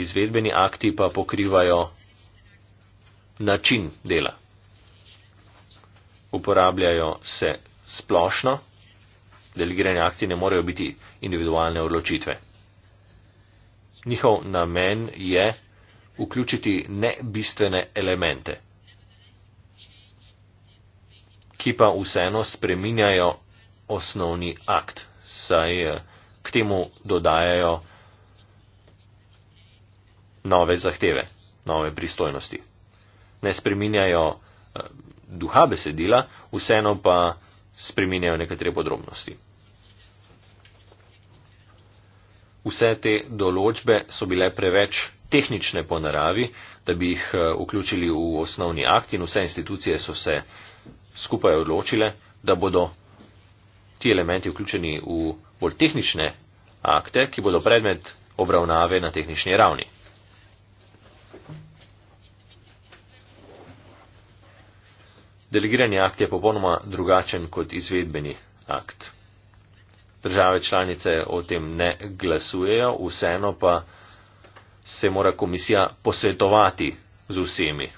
izvedbeni akti pa pokrivajo način dela. Uporabljajo se splošno, delegirani akti ne morejo biti individualne odločitve. Njihov namen je vključiti nebistvene elemente, ki pa vseeno spreminjajo osnovni akt, saj eh, k temu dodajajo nove zahteve, nove pristojnosti. Ne spreminjajo eh, duha besedila, vseeno pa spreminjajo nekatere podrobnosti. Vse te določbe so bile preveč tehnične po naravi, da bi jih eh, vključili v osnovni akt in vse institucije so se skupaj odločile, da bodo ti elementi vključeni v bolj tehnične akte, ki bodo predmet obravnave na tehnični ravni. Delegirani akt je popolnoma drugačen kot izvedbeni akt. Države članice o tem ne glasujejo, vseeno pa se mora komisija posvetovati z vsemi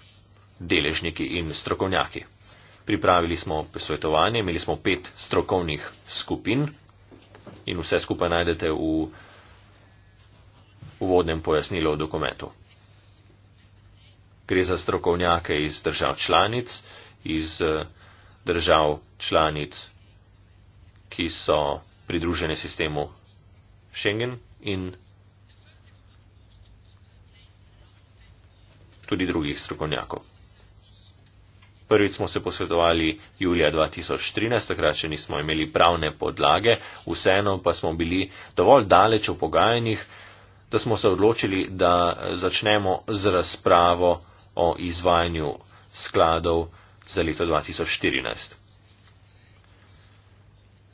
deležniki in strokovnjaki. Pripravili smo posvetovanje, imeli smo pet strokovnih skupin in vse skupaj najdete v uvodnem pojasnilu o dokumentu. Gre za strokovnjake iz držav članic iz eh, držav članic, ki so pridružene sistemu Schengen in tudi drugih strokovnjakov. Prvič smo se posvetovali julija 2013, takrat še nismo imeli pravne podlage, vseeno pa smo bili dovolj daleč v pogajanjih, da smo se odločili, da začnemo z razpravo o izvajanju skladov za leto 2014.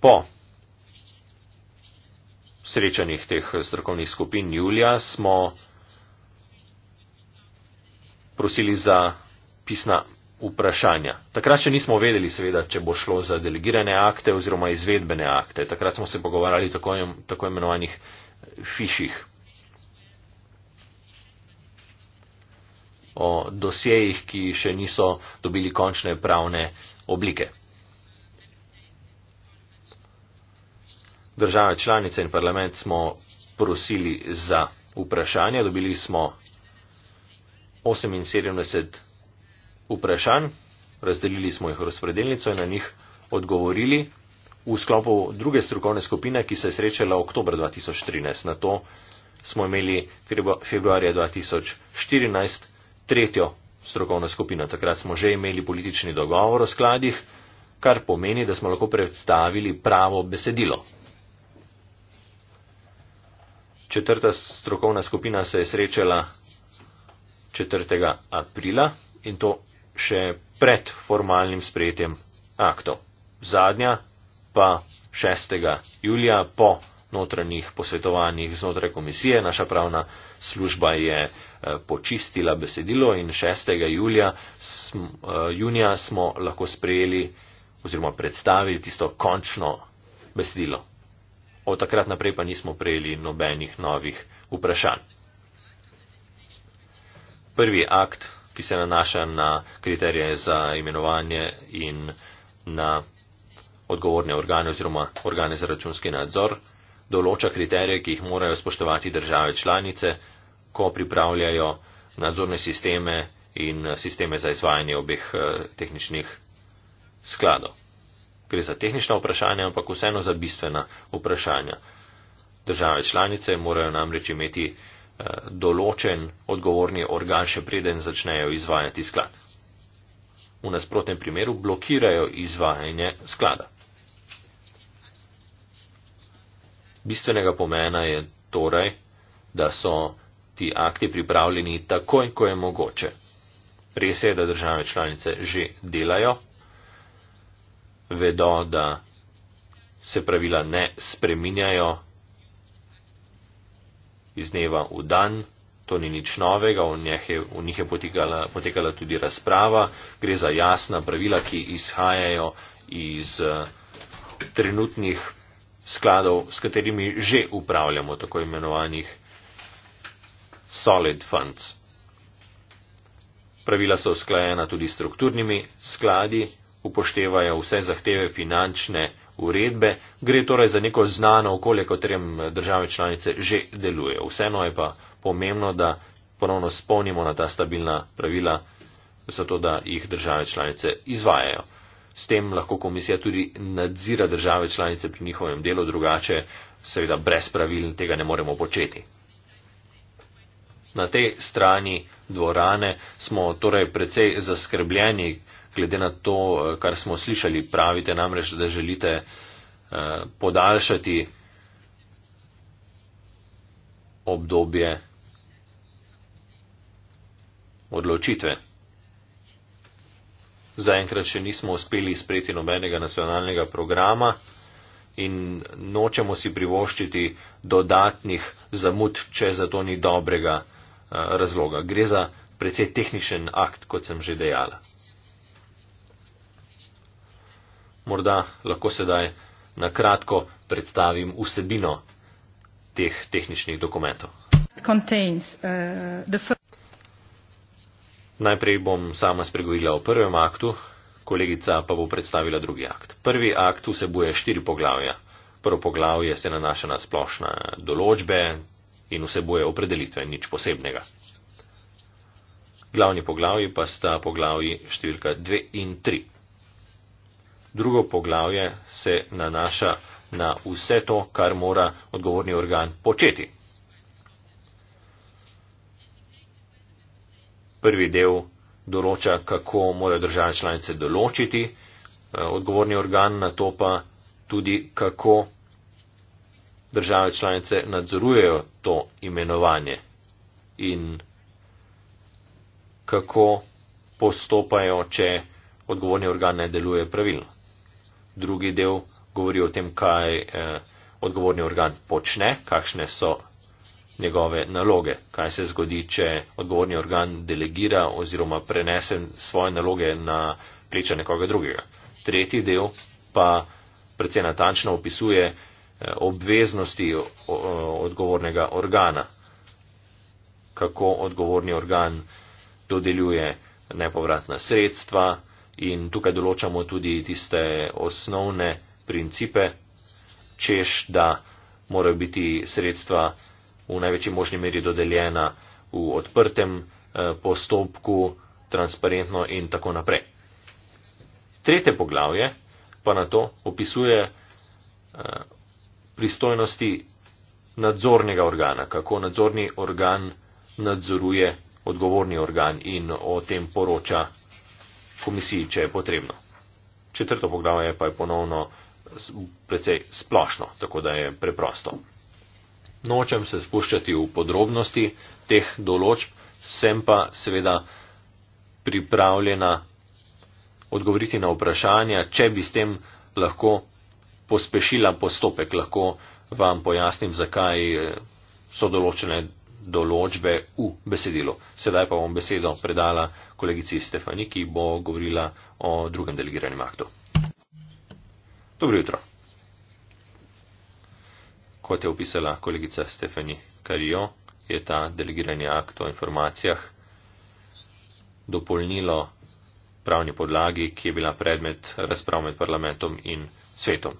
Po srečanjih teh strokovnih skupin julija smo prosili za pisna vprašanja. Takrat še nismo vedeli, seveda, če bo šlo za delegirane akte oziroma izvedbene akte. Takrat smo se pogovarjali tako, tako imenovanih fiših, o dosjejih, ki še niso dobili končne pravne oblike. Države članice in parlament smo prosili za vprašanje. Dobili smo 78 vprašanj, razdelili smo jih v razpredelnico in na njih odgovorili v sklopu druge strokovne skupine, ki se je srečala v oktober 2013. Na to smo imeli februarja 2014 tretjo strokovno skupino. Takrat smo že imeli politični dogovor o skladih, kar pomeni, da smo lahko predstavili pravo besedilo. Četrta strokovna skupina se je srečala 4. aprila in to še pred formalnim sprejetjem aktov. Zadnja pa 6. julija po notranjih posvetovanjih znotraj komisije. Naša pravna služba je eh, počistila besedilo in 6. Julija, sm, eh, junija smo lahko sprejeli oziroma predstavili tisto končno besedilo. Od takrat naprej pa nismo prejeli nobenih novih vprašanj. Prvi akt, ki se nanaša na kriterije za imenovanje in na odgovorne organe oziroma organe za računski nadzor, določa kriterije, ki jih morajo spoštovati države članice, ko pripravljajo nadzorne sisteme in eh, sisteme za izvajanje obeh eh, tehničnih skladov. Gre za tehnična vprašanja, ampak vseeno za bistvena vprašanja. Države članice morajo namreč imeti eh, določen odgovorni organ še preden začnejo izvajati sklad. V nasprotnem primeru blokirajo izvajanje sklada. Bistvenega pomena je torej, da so ti akti pripravljeni takoj, ko je mogoče. Res je, da države članice že delajo, vedo, da se pravila ne spreminjajo iz dneva v dan, to ni nič novega, v njih je, v njih je potekala, potekala tudi razprava, gre za jasna pravila, ki izhajajo iz uh, trenutnih skladov, s katerimi že upravljamo tako imenovanih solid funds. Pravila so usklajena tudi strukturnimi skladi, upoštevajo vse zahteve finančne uredbe, gre torej za neko znano okolje, v katerem države članice že delujejo. Vseeno je pa pomembno, da ponovno spomnimo na ta stabilna pravila, zato da jih države članice izvajajo. S tem lahko komisija tudi nadzira države članice pri njihovem delu, drugače seveda brez pravil tega ne moremo početi. Na tej strani dvorane smo torej precej zaskrbljeni, glede na to, kar smo slišali, pravite namreč, da želite eh, podaljšati obdobje odločitve zaenkrat še nismo uspeli sprejeti nobenega nacionalnega programa in nočemo si privoščiti dodatnih zamud, če za to ni dobrega eh, razloga. Gre za precej tehničen akt, kot sem že dejala. Morda lahko sedaj na kratko predstavim vsebino teh tehničnih dokumentov. Contains, uh, Najprej bom sama spregovorila o prvem aktu, kolegica pa bo predstavila drugi akt. Prvi akt vsebuje štiri poglavja. Prvo poglavje se nanaša na splošne določbe in vsebuje opredelitve, nič posebnega. Glavni poglavji pa sta poglavji številka 2 in 3. Drugo poglavje se nanaša na vse to, kar mora odgovorni organ početi. prvi del določa, kako morajo države članice določiti eh, odgovorni organ, na to pa tudi, kako države članice nadzorujejo to imenovanje in kako postopajo, če odgovorni organ ne deluje pravilno. Drugi del govori o tem, kaj eh, odgovorni organ počne, kakšne so njegove naloge, kaj se zgodi, če odgovorni organ delegira oziroma prenese svoje naloge na pleče nekoga drugega. Tretji del pa predvsej natančno opisuje eh, obveznosti odgovornega organa, kako odgovorni organ dodeljuje nepovratna sredstva in tukaj določamo tudi tiste osnovne principe, češ da morajo biti sredstva v največji možni meri dodeljena v odprtem eh, postopku, transparentno in tako naprej. Tretje poglavje pa na to opisuje eh, pristojnosti nadzornega organa, kako nadzorni organ nadzoruje odgovorni organ in o tem poroča komisiji, če je potrebno. Četrto poglavje pa je ponovno precej splošno, tako da je preprosto nočem se spuščati v podrobnosti teh določb, sem pa seveda pripravljena odgovoriti na vprašanja, če bi s tem lahko pospešila postopek, lahko vam pojasnim, zakaj eh, so določene določbe v besedilu. Sedaj pa bom besedo predala kolegici Stefani, ki bo govorila o drugem delegiranem aktu. Dobro jutro kot je opisala kolegica Stefani Karijo, je ta delegirani akt o informacijah dopolnilo pravni podlagi, ki je bila predmet razprav med parlamentom in svetom.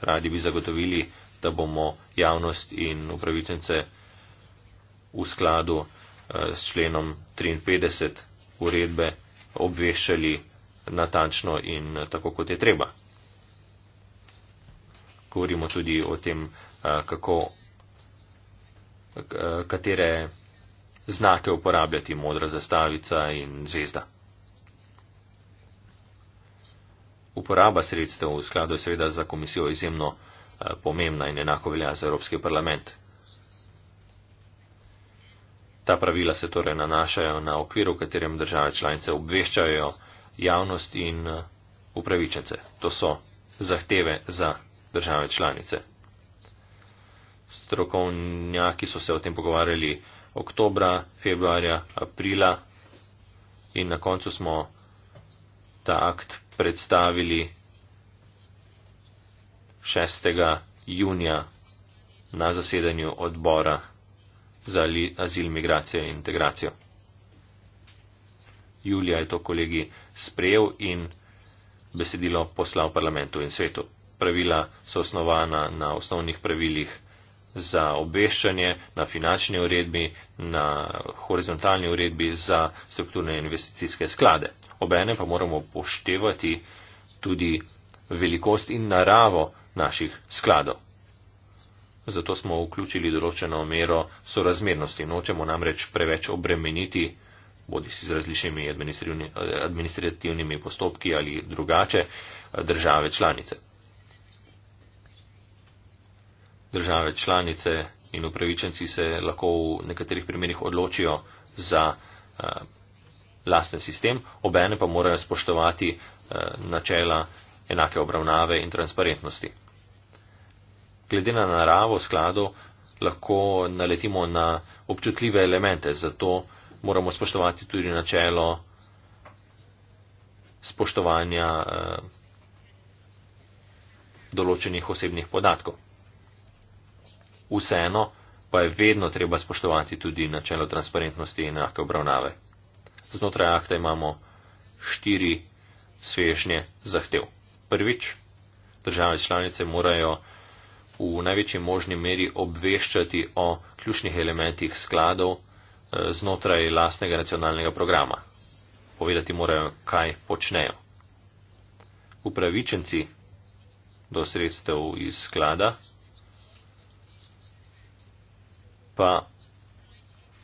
Radi bi zagotovili, da bomo javnost in upravičence v skladu eh, s členom 53 uredbe obveščali natančno in eh, tako, kot je treba govorimo tudi o tem, kako, katere znake uporabljati modra zastavica in zvezda. Uporaba sredstev v skladu je seveda za komisijo izjemno pomembna in enako velja za Evropski parlament. Ta pravila se torej nanašajo na okvir, v katerem države članice obveščajo javnost in upravičence. To so zahteve za države članice. Strokovnjaki so se o tem pogovarjali oktobra, februarja, aprila in na koncu smo ta akt predstavili 6. junija na zasedanju odbora za azil, migracijo in integracijo. Julija je to kolegi sprejel in besedilo poslal parlamentu in svetu pravila so osnovana na osnovnih pravilih za obveščanje, na finančni uredbi, na horizontalni uredbi za strukturne investicijske sklade. Obene pa moramo poštevati tudi velikost in naravo naših skladov. Zato smo vključili določeno mero sorazmernosti. Nočemo namreč preveč obremeniti, bodi si z različnimi administrativnimi postopki ali drugače, države članice države članice in upravičenci se lahko v nekaterih primerjih odločijo za uh, lasten sistem, obene pa morajo spoštovati uh, načela enake obravnave in transparentnosti. Glede na naravo skladu lahko naletimo na občutljive elemente, zato moramo spoštovati tudi načelo spoštovanja uh, določenih osebnih podatkov. Vseeno pa je vedno treba spoštovati tudi načelo transparentnosti in enake obravnave. Znotraj akta imamo štiri svežnje zahtev. Prvič, države članice morajo v največji možni meri obveščati o ključnih elementih skladov eh, znotraj lastnega nacionalnega programa. Povedati morajo, kaj počnejo. Upravičenci do sredstev iz sklada pa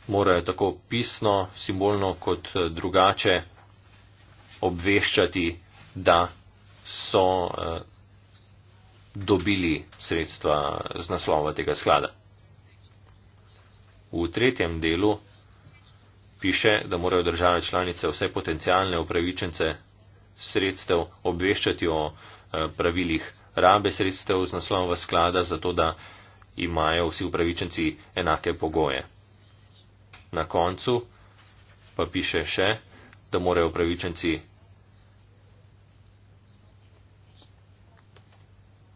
morajo tako pisno, simbolno kot eh, drugače obveščati, da so eh, dobili sredstva z naslova tega sklada. V tretjem delu piše, da morajo države članice vse potencijalne upravičence sredstev obveščati o eh, pravilih rabe sredstev z naslova sklada, zato da imajo vsi upravičenci enake pogoje. Na koncu pa piše še, da morajo upravičenci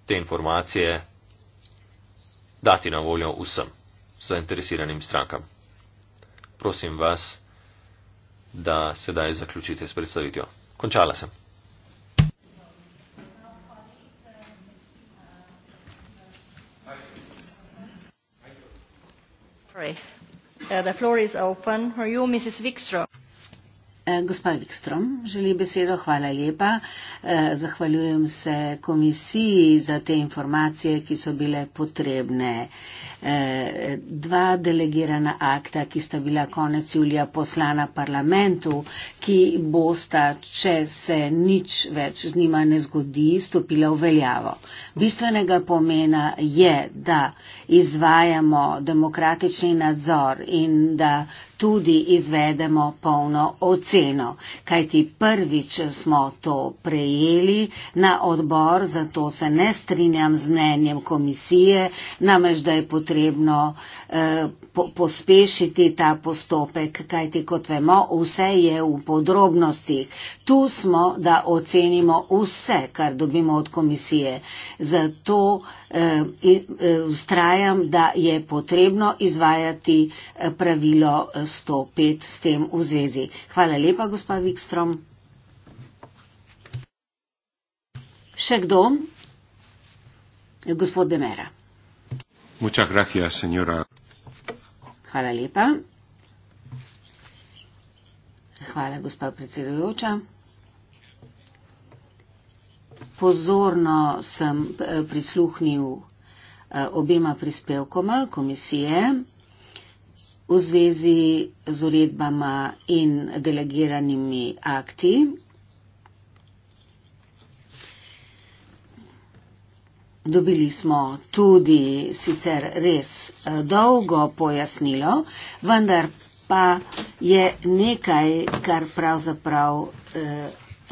te informacije dati na voljo vsem zainteresiranim strankam. Prosim vas, da sedaj zaključite s predstavitvijo. Končala sem. sorry. Uh, the floor is open. Are you Mrs. Wikström? gospa Vikstrom želi besedo. Hvala lepa. Eh, zahvaljujem se komisiji za te informacije, ki so bile potrebne. Eh, dva delegirana akta, ki sta bila konec julija poslana parlamentu, ki bosta, če se nič več z njima ne zgodi, stopila v veljavo. Bistvenega pomena je, da izvajamo demokratični nadzor in da tudi izvedemo polno oceno, kajti prvič smo to prejeli na odbor, zato se ne strinjam z mnenjem komisije, namreč da je potrebno eh, po, pospešiti ta postopek, kajti kot vemo, vse je v podrobnostih. Tu smo, da ocenimo vse, kar dobimo od komisije. Zato eh, in, eh, ustrajam, da je potrebno izvajati eh, pravilo. Eh, 105 s tem v zvezi. Hvala lepa, gospa Vikstrom. Še kdo? Gospod Demera. Gracias, Hvala lepa. Hvala, gospa predsedujoča. Pozorno sem eh, prisluhnil eh, obema prispevkoma komisije v zvezi z uredbama in delegiranimi akti. Dobili smo tudi sicer res eh, dolgo pojasnilo, vendar pa je nekaj, kar pravzaprav eh,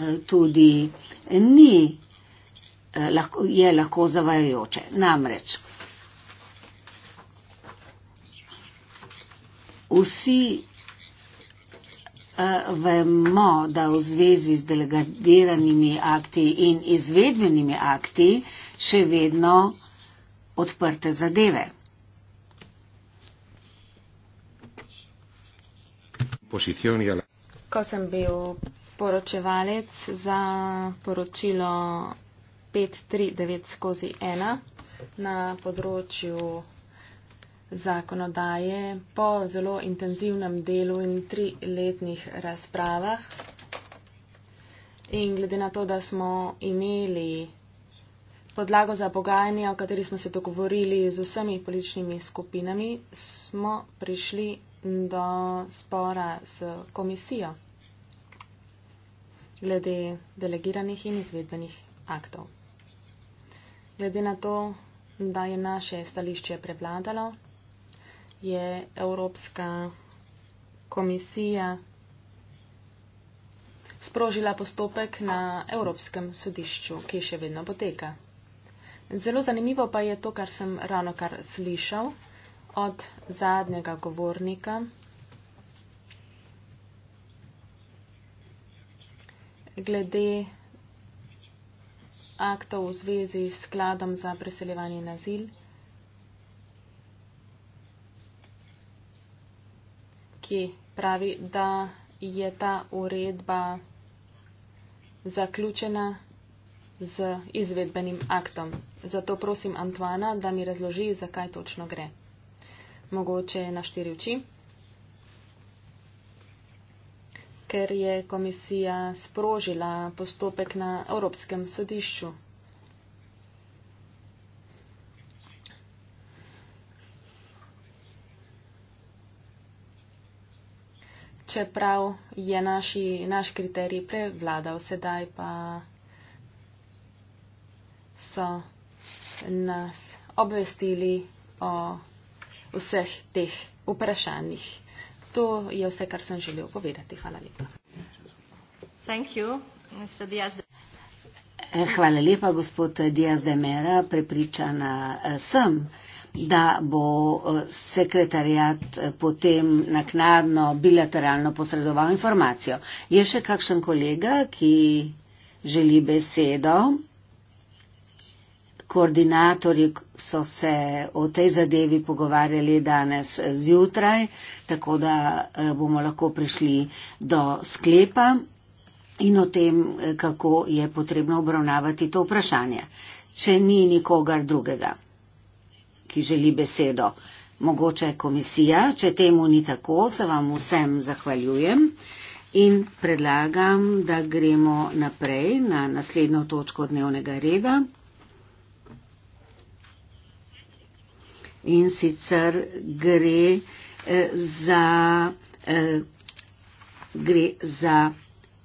eh tudi ni, eh, lahko, je lahko zavajajoče. Namreč vsi uh, vemo, da v zvezi z delegiranimi akti in izvedbenimi akti še vedno odprte zadeve. Ko sem bil poročevalec za poročilo 539 skozi 1 na področju zakonodaje po zelo intenzivnem delu in triletnih razpravah. In glede na to, da smo imeli podlago za pogajanje, o kateri smo se dogovorili z vsemi političnimi skupinami, smo prišli do spora s komisijo glede delegiranih in izvedbenih aktov. Glede na to, da je naše stališče prevladalo, je Evropska komisija sprožila postopek na Evropskem sodišču, ki še vedno poteka. Zelo zanimivo pa je to, kar sem ravno kar slišal od zadnjega govornika, glede aktov v zvezi s skladom za preseljevanje nazil. ki pravi, da je ta uredba zaključena z izvedbenim aktom. Zato prosim Antoana, da mi razloži, zakaj točno gre. Mogoče na štiri oči. Ker je komisija sprožila postopek na Evropskem sodišču. čeprav je naši, naš kriterij prevladal, sedaj pa so nas obvestili o vseh teh vprašanjih. To je vse, kar sem želel povedati. Hvala lepa. Eh, hvala lepa, gospod Diaz de Mera. Prepričana eh, sem da bo eh, sekretarjat eh, potem naknadno bilateralno posredoval informacijo. Je še kakšen kolega, ki želi besedo? Koordinatorji so se o tej zadevi pogovarjali danes zjutraj, tako da eh, bomo lahko prišli do sklepa in o tem, kako je potrebno obravnavati to vprašanje, če ni nikogar drugega ki želi besedo. Mogoče komisija, če temu ni tako, se vam vsem zahvaljujem in predlagam, da gremo naprej na naslednjo točko dnevnega reda. In sicer gre eh, za. Eh, gre za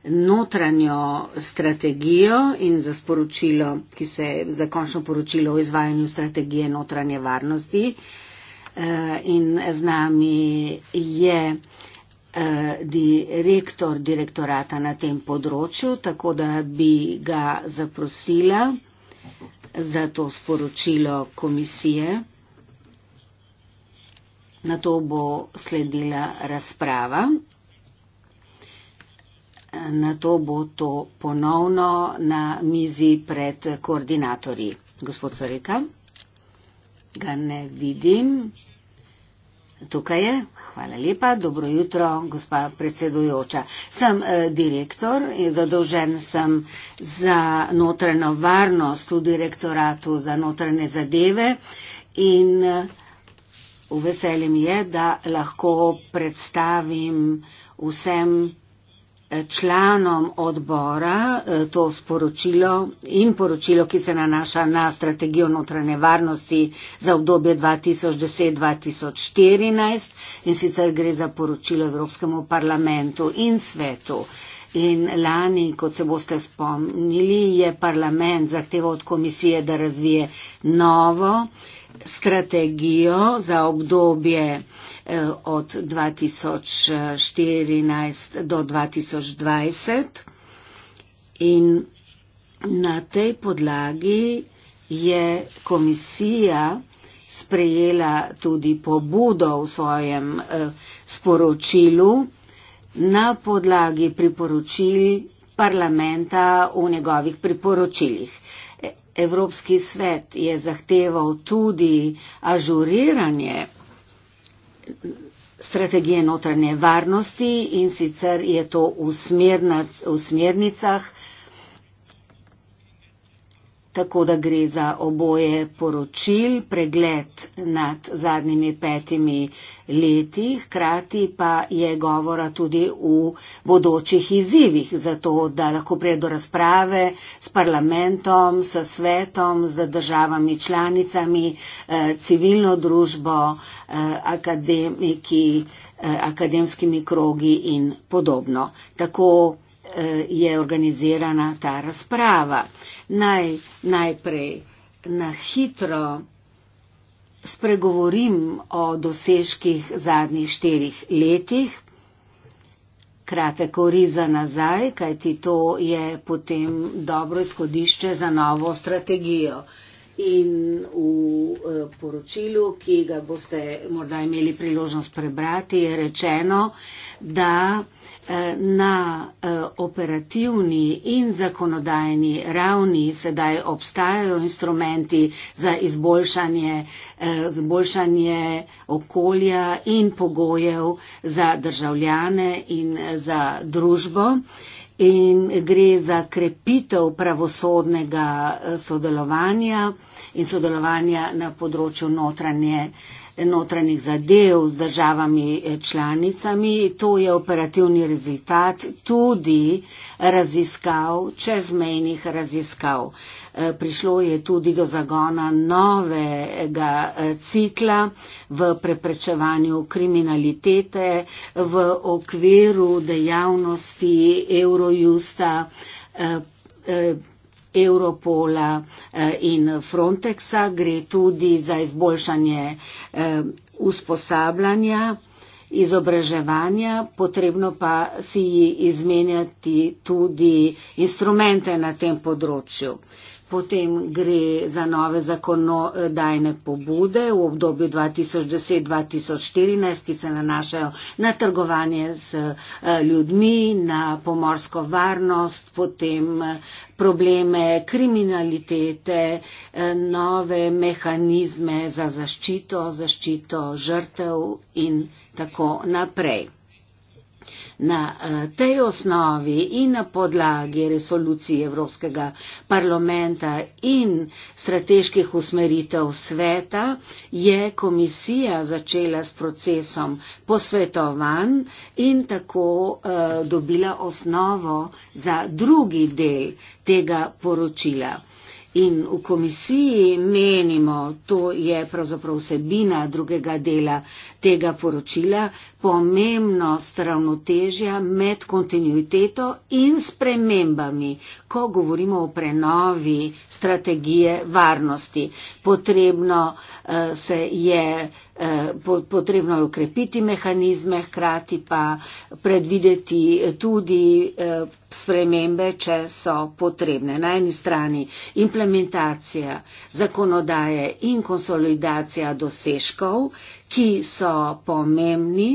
notranjo strategijo in za sporočilo, ki se je zakončno poročilo o izvajanju strategije notranje varnosti. Eh, in z nami je eh, direktor direktorata na tem področju, tako da bi ga zaprosila za to sporočilo komisije. Na to bo sledila razprava na to bo to ponovno na mizi pred koordinatorji. Gospod Sareka, ga ne vidim. Tukaj je. Hvala lepa. Dobro jutro, gospa predsedujoča. Sem eh, direktor in zadolžen sem za notreno varnost v direktoratu za notrene zadeve in eh, veselim je, da lahko predstavim vsem članom odbora e, to sporočilo in poročilo, ki se nanaša na strategijo notranje varnosti za obdobje 2010-2014 in sicer gre za poročilo Evropskemu parlamentu in svetu. In lani, kot se boste spomnili, je parlament zahteval od komisije, da razvije novo strategijo za obdobje 2014. Eh, od 2014 do 2020 in na tej podlagi je komisija sprejela tudi pobudo v svojem eh, sporočilu na podlagi priporočil parlamenta v njegovih priporočilih. E, Evropski svet je zahteval tudi ažuriranje strategije notranje varnosti in sicer je to v, smernac, v smernicah tako da gre za oboje poročil, pregled nad zadnjimi petimi leti, hkrati pa je govora tudi v bodočih izzivih, zato da lahko prije do razprave s parlamentom, s svetom, z državami članicami, eh, civilno družbo, eh, akademiki, eh, akademskimi krogi in podobno. Tako Eh, je organizirana ta razprava. Naj najprej na hitro spregovorim o dosežkih zadnjih štirih letih, kratek oriza nazaj, kajti to je potem dobro izhodišče za novo strategijo in v eh, poročilu, ki ga boste morda imeli priložnost prebrati, je rečeno, da eh, na eh, operativni in zakonodajni ravni sedaj obstajajo instrumenti za izboljšanje, izboljšanje okolja in pogojev za državljane in za družbo in gre za krepitev pravosodnega eh, sodelovanja in sodelovanja na področju notranje, notranjih zadev z državami eh, članicami. To je operativni rezultat tudi raziskav, čezmejnih raziskav. Uh, prišlo je tudi do zagona novega eh, cikla v preprečevanju kriminalitete v okviru dejavnosti Eurojusta, eh, eh, Europola in Frontexa. Gre tudi za izboljšanje usposabljanja izobraževanja, potrebno pa si izmenjati tudi instrumente na tem področju potem gre za nove zakonodajne pobude v obdobju 2010-2014, ki se nanašajo na trgovanje z eh, ljudmi, na pomorsko varnost, potem eh, probleme kriminalitete, eh, nove mehanizme za zaščito, zaščito žrtev in tako naprej. Na eh, tej osnovi in na podlagi resoluciji Evropskega parlamenta in strateških usmeritev sveta je komisija začela s procesom posvetovanj in tako eh, dobila osnovo za drugi del tega poročila. In v komisiji menimo, to je pravzaprav vsebina drugega dela tega poročila, pomembnost ravnotežja med kontinuiteto in spremembami, ko govorimo o prenovi strategije varnosti. Potrebno, eh, je, eh, potrebno je ukrepiti mehanizme, hkrati pa predvideti tudi. Eh, spremembe, če so potrebne. Na eni strani implementacija zakonodaje in konsolidacija dosežkov, ki so pomembni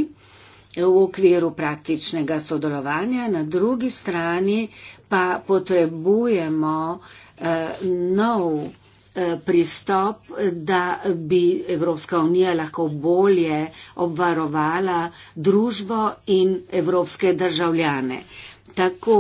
v okviru praktičnega sodelovanja, na drugi strani pa potrebujemo eh, nov eh, pristop, da bi Evropska unija lahko bolje obvarovala družbo in evropske državljane tako,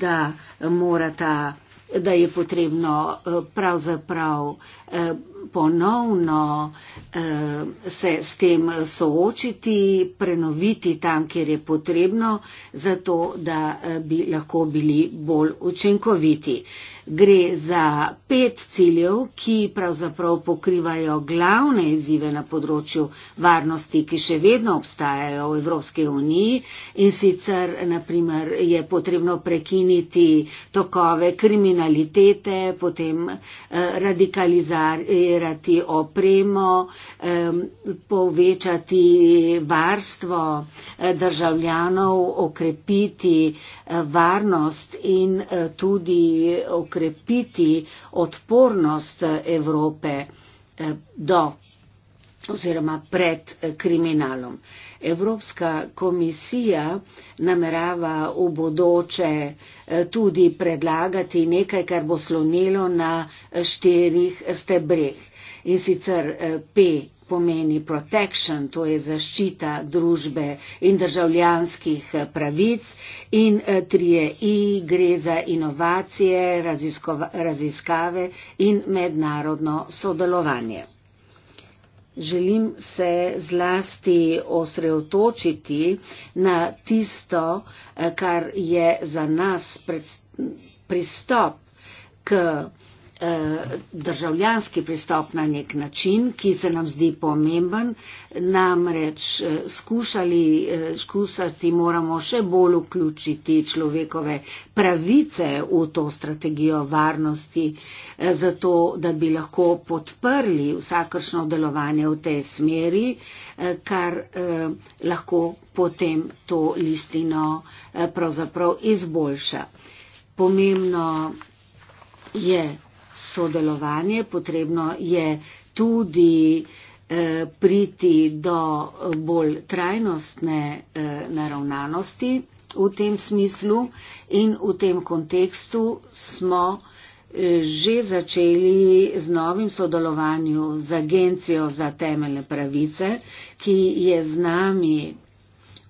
da morata, da je potrebno eh, pravzaprav. Eh, ponovno eh, se s tem soočiti, prenoviti tam, kjer je potrebno, zato da eh, bi lahko bili bolj učinkoviti. Gre za pet ciljev, ki pravzaprav pokrivajo glavne izzive na področju varnosti, ki še vedno obstajajo v Evropske uniji in sicer naprimer je potrebno prekiniti tokove kriminalitete, potem eh, radikalizacije, nabirati opremo, povečati varstvo eh, državljanov, okrepiti eh, varnost in eh, tudi okrepiti odpornost Evrope do oziroma pred eh, kriminalom. Evropska komisija namerava v bodoče eh, tudi predlagati nekaj, kar bo slonilo na eh, štirih stebreh in sicer P pomeni protection, to je zaščita družbe in državljanskih pravic in 3I gre za inovacije, raziskave in mednarodno sodelovanje. Želim se zlasti osredotočiti na tisto, eh, kar je za nas pristop k Eh, državljanski pristop na nek način, ki se nam zdi pomemben, namreč eh, skušali, eh, skušati moramo še bolj vključiti človekove pravice v to strategijo varnosti, zato da bi lahko podprli vsakršno delovanje v tej smeri, kar lahko potem to listino pravzaprav izboljša. Pomembno je sodelovanje, potrebno je tudi eh, priti do eh, bolj trajnostne eh, naravnanosti v tem smislu in v tem kontekstu smo že začeli z novim sodelovanjem z Agencijo za temeljne pravice, ki je z nami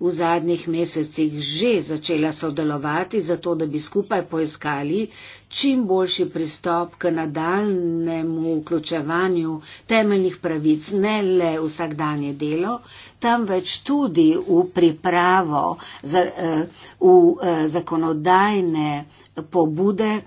v zadnjih mesecih že začela sodelovati, zato da bi skupaj poiskali čim boljši pristop k nadaljnemu vključevanju temeljnih pravic ne le v vsakdanje delo, temveč tudi v pripravo za, eh, v eh, zakonodajne pobude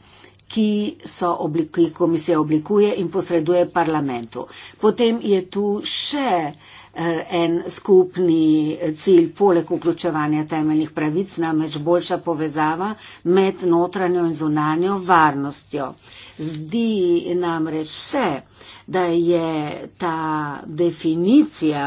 ki so oblikuje, komisija oblikuje in posreduje parlamentu. Potem je tu še Eh, en skupni cilj, poleg vključevanja temeljnih pravic, namreč boljša povezava med notranjo in zunanjo varnostjo. Zdi namreč se, da je ta definicija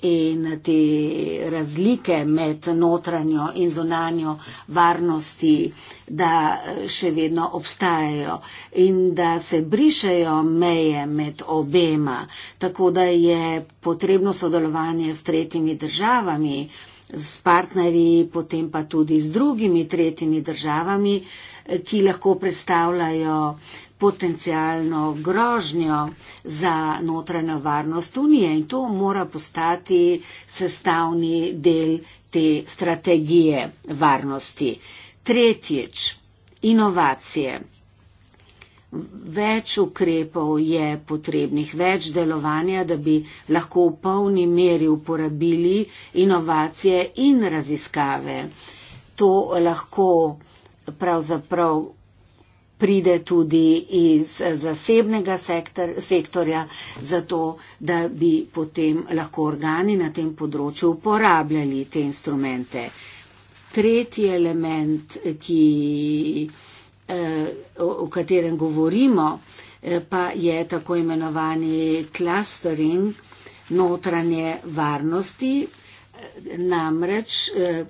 in te razlike med notranjo in zunanjo varnosti, da eh, še vedno obstajajo in da se brišejo meje med obema, tako da je potrebno sodelovanje s tretjimi državami, s partnerji, potem pa tudi z drugimi tretjimi državami, eh, ki lahko predstavljajo eh, potencijalno grožnjo za notranjo varnost Unije in to mora postati sestavni del te strategije varnosti. Tretjič, inovacije. Več ukrepov je potrebnih, več delovanja, da bi lahko v polni meri uporabili inovacije in raziskave. To lahko pravzaprav pride tudi iz zasebnega sektor, sektorja, zato da bi potem lahko organi na tem področju uporabljali te instrumente. Tretji element, ki, eh, o katerem govorimo, eh, pa je tako imenovani clustering notranje varnosti, namreč eh,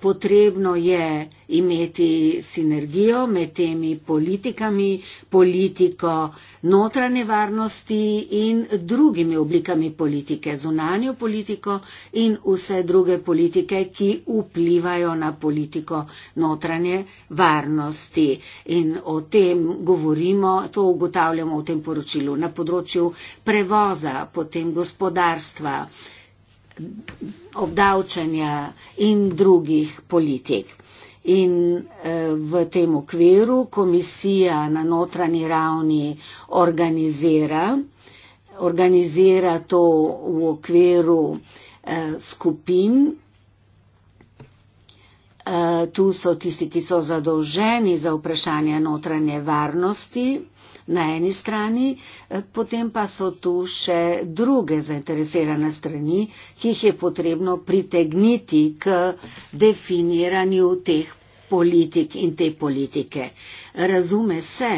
potrebno je imeti sinergijo med temi politikami, politiko notranje varnosti in drugimi oblikami politike, zunanjo politiko in vse druge politike, ki vplivajo na politiko notranje varnosti. In o tem govorimo, to ugotavljamo v tem poročilu na področju prevoza, potem gospodarstva obdavčanja in drugih politik. In eh, v tem okviru komisija na notranji ravni organizira, organizira to v okviru eh, skupin. Eh, tu so tisti, ki so zadolženi za vprašanje notranje varnosti na eni strani, eh, potem pa so tu še druge zainteresirane strani, ki jih je potrebno pritegniti k definiranju teh politik in te politike. Razume se,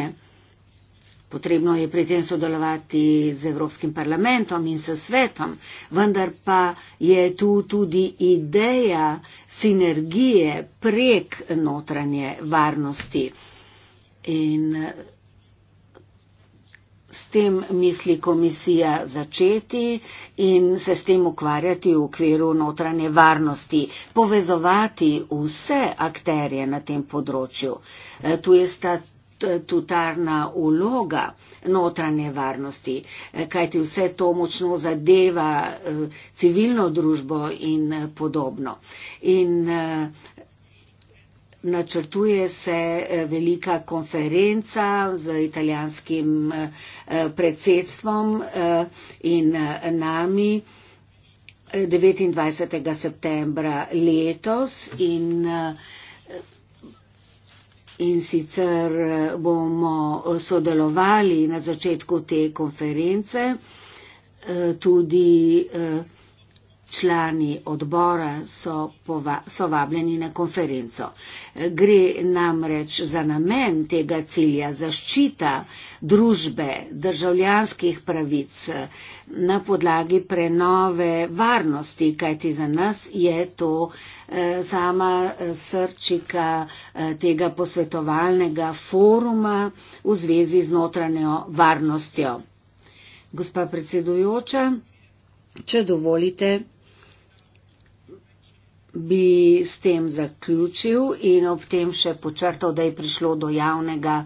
potrebno je pri tem sodelovati z Evropskim parlamentom in s svetom, vendar pa je tu tudi ideja sinergije prek notranje varnosti. In s tem misli komisija začeti in se s tem ukvarjati v okviru notranje varnosti, povezovati vse akterje na tem področju. E, tu je sta tutarna vloga notranje varnosti, e, kajti vse to močno zadeva e, civilno družbo in podobno. In načrtuje se eh, velika konferenca z italijanskim eh, eh, predsedstvom in nami 29. septembra letos in, in sicer bomo sodelovali na začetku te konference tudi člani odbora so, pova, so vabljeni na konferenco. Gre namreč za namen tega cilja zaščita družbe državljanskih pravic na podlagi prenove varnosti, kajti za nas je to eh, sama eh, srčika eh, tega posvetovalnega foruma v zvezi z notranjo varnostjo. Gospa predsedujoča, če dovolite, bi s tem zaključil in ob tem še počrtal, da je prišlo do javnega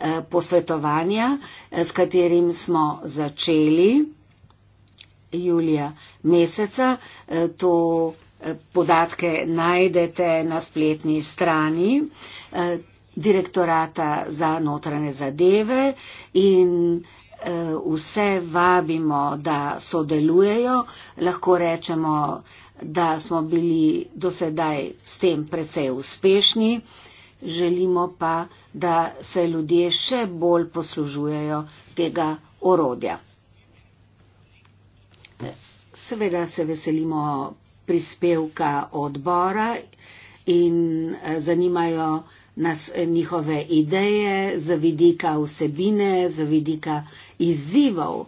eh, posvetovanja, eh, s katerim smo začeli julija meseca. Eh, to podatke najdete na spletni strani direktorata za notranje zadeve in vse vabimo, da sodelujejo. Lahko rečemo, da smo bili dosedaj s tem precej uspešni, želimo pa, da se ljudje še bolj poslužujejo tega orodja. Seveda se veselimo prispevka odbora in eh, zanimajo nas eh, njihove ideje, za vidika vsebine, za vidika izzivov,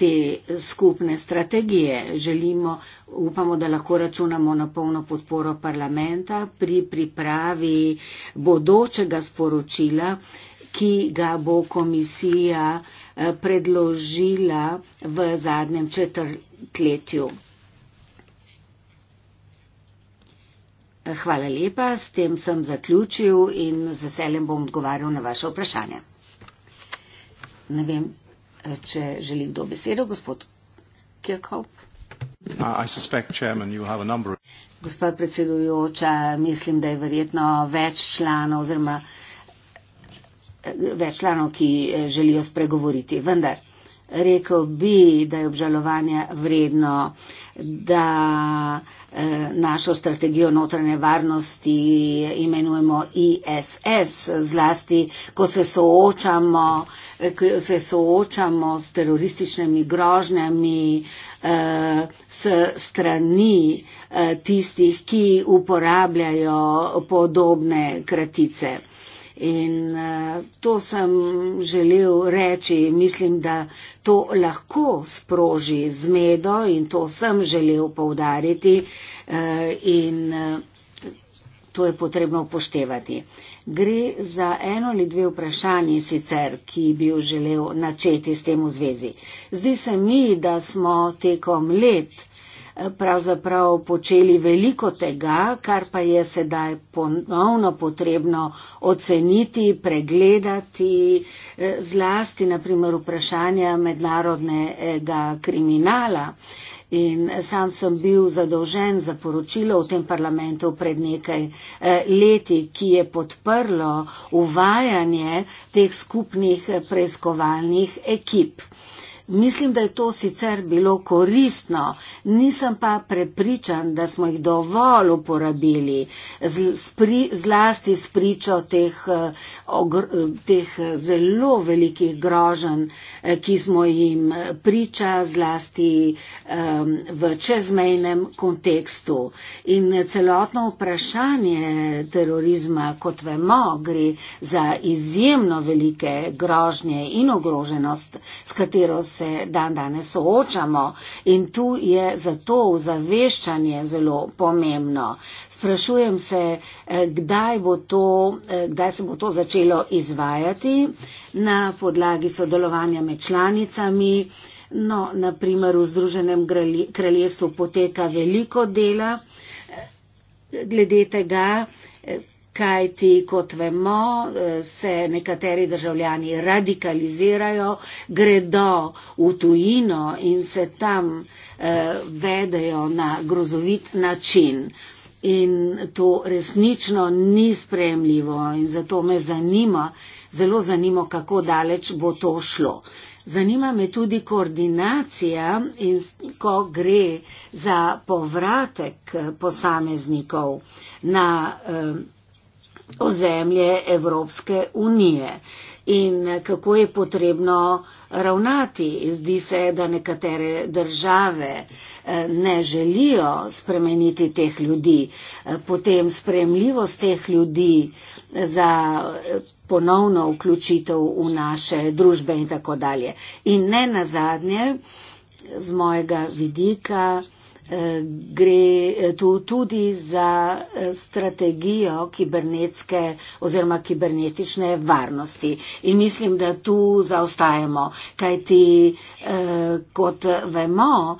te skupne strategije. Želimo, upamo, da lahko računamo na polno podporo parlamenta pri pripravi bodočega sporočila, ki ga bo komisija eh, predložila v zadnjem četrtletju. Eh, hvala lepa, s tem sem zaključil in z veseljem bom odgovarjal na vaše vprašanje. Ne vem, Če želi kdo besedo, gospod Kirkhoff. Uh, gospod predsedujoča, mislim, da je verjetno več članov, oziroma več članov, ki eh, želijo spregovoriti. Vendar rekel bi, da je obžalovanje vredno, da eh, našo strategijo notranje varnosti imenujemo ISS, zlasti ko se soočamo, eh, ko se soočamo s terorističnimi grožnjami, eh, s strani tistih, ki uporabljajo podobne kratice. In uh, to sem želel reči, mislim, da to lahko sproži zmedo in to sem želel povdariti uh, eh, in uh, to je potrebno upoštevati. Gre za eno ali dve vprašanji sicer, ki bi jo želel načeti s tem v zvezi. Zdi se mi, da smo tekom let pravzaprav počeli veliko tega, kar pa je sedaj ponovno potrebno oceniti, pregledati, eh, zlasti naprimer vprašanja mednarodnega kriminala. In sam sem bil zadolžen za poročilo v tem parlamentu pred nekaj eh, leti, ki je podprlo uvajanje teh skupnih preiskovalnih ekip. Mislim, da je to sicer bilo koristno, nisem pa prepričan, da smo jih dovolj uporabili, spri, zlasti spričo teh, eh, teh eh, zelo velikih grožen, eh, ki smo jim priča, zlasti um, v čezmejnem kontekstu. In celotno vprašanje terorizma, kot vemo, gre za izjemno velike grožnje in ogroženost, s katero se se dan danes soočamo in tu je zato zaveščanje zelo pomembno. Sprašujem se, eh, kdaj, to, eh, kdaj se bo to začelo izvajati na podlagi sodelovanja med članicami. No, naprimer v Združenem kraljestvu poteka veliko dela eh, glede tega, kajti, kot vemo, eh, se nekateri državljani radikalizirajo, gredo v tujino in se tam eh, vedejo na grozovit način. In to resnično ni spremljivo in zato me zanima, zelo zanima, kako daleč bo to šlo. Zanima me tudi koordinacija in ko gre za povratek posameznikov na eh, ozemlje Evropske unije in kako je potrebno ravnati. Zdi se, da nekatere države eh, ne želijo spremeniti teh ljudi, eh, potem spremljivost teh ljudi eh, za ponovno vključitev v naše družbe in tako dalje. In ne nazadnje, z mojega vidika, gre eh, tu tudi za eh, strategijo kibernetske oziroma kibernetične varnosti. In mislim, da tu zaostajamo, kajti, eh, kot vemo,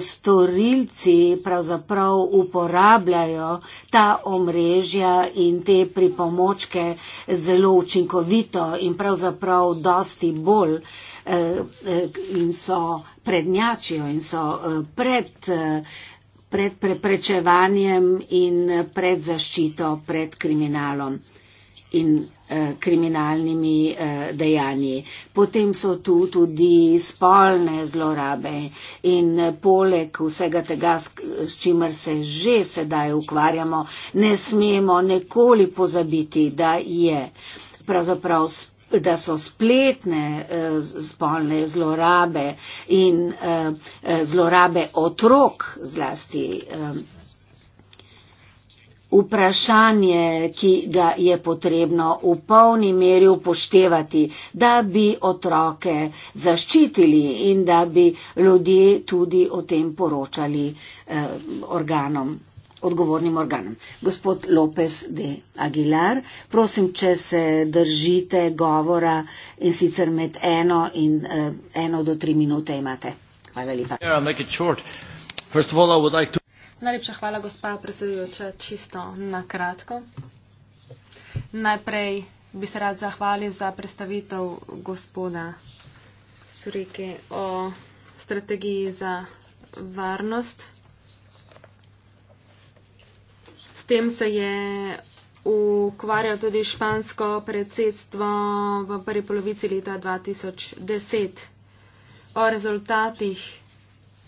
storilci pravzaprav uporabljajo ta omrežja in te pripomočke zelo učinkovito in pravzaprav dosti bolj. Eh, in so prednjačijo in so eh, pred, eh, pred preprečevanjem in pred zaščito pred kriminalom in eh, kriminalnimi eh, dejanji. Potem so tu tudi spolne zlorabe in poleg vsega tega, s, s čimer se že sedaj ukvarjamo, ne smemo nikoli pozabiti, da je pravzaprav spolne da so spletne eh, spolne zlorabe in eh, eh, zlorabe otrok zlasti vprašanje, ki ga je potrebno v polni meri upoštevati, da bi otroke zaščitili in da bi ljudje tudi o tem poročali organom odgovornim organom. Gospod Lopez de Aguilar, prosim, če se držite govora in sicer med eno in uh, eno do tri minute imate. Hvala lepa. Najlepša hvala, gospa predsedujoča, čisto na kratko. Najprej bi se rad zahvalil za predstavitev gospoda Sureke o strategiji za varnost tem se je ukvarjalo tudi špansko predsedstvo v prvi polovici leta 2010. O rezultatih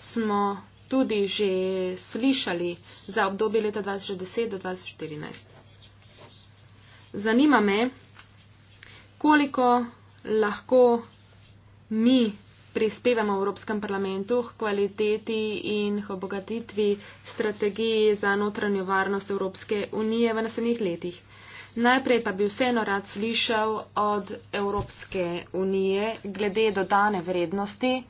smo tudi že slišali za obdobje leta 2010 do 2014. Zanima me, koliko lahko mi prispevamo v Evropskem parlamentu k kvaliteti in k obogatitvi strategiji za notranjo varnost Evropske unije v naslednjih letih. Najprej pa bi vseeno rad slišal od Evropske unije glede dodane vrednosti.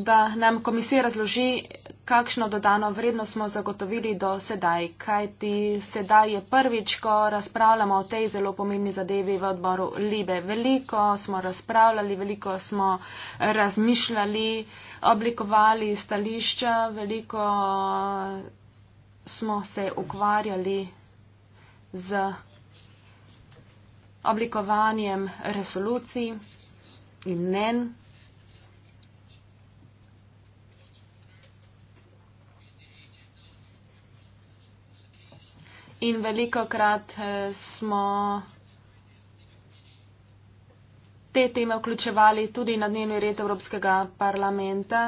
da nam komisija razloži kakšno dodano vrednost smo zagotovili do sedaj, kajti sedaj je prvič, ko razpravljamo o tej zelo pomembni zadevi v odboru Libe. Veliko smo razpravljali, veliko smo razmišljali, oblikovali stališča, veliko smo se ukvarjali z oblikovanjem resolucij in mnen In veliko krat eh, smo te teme vključevali tudi na dnevni red Evropskega parlamenta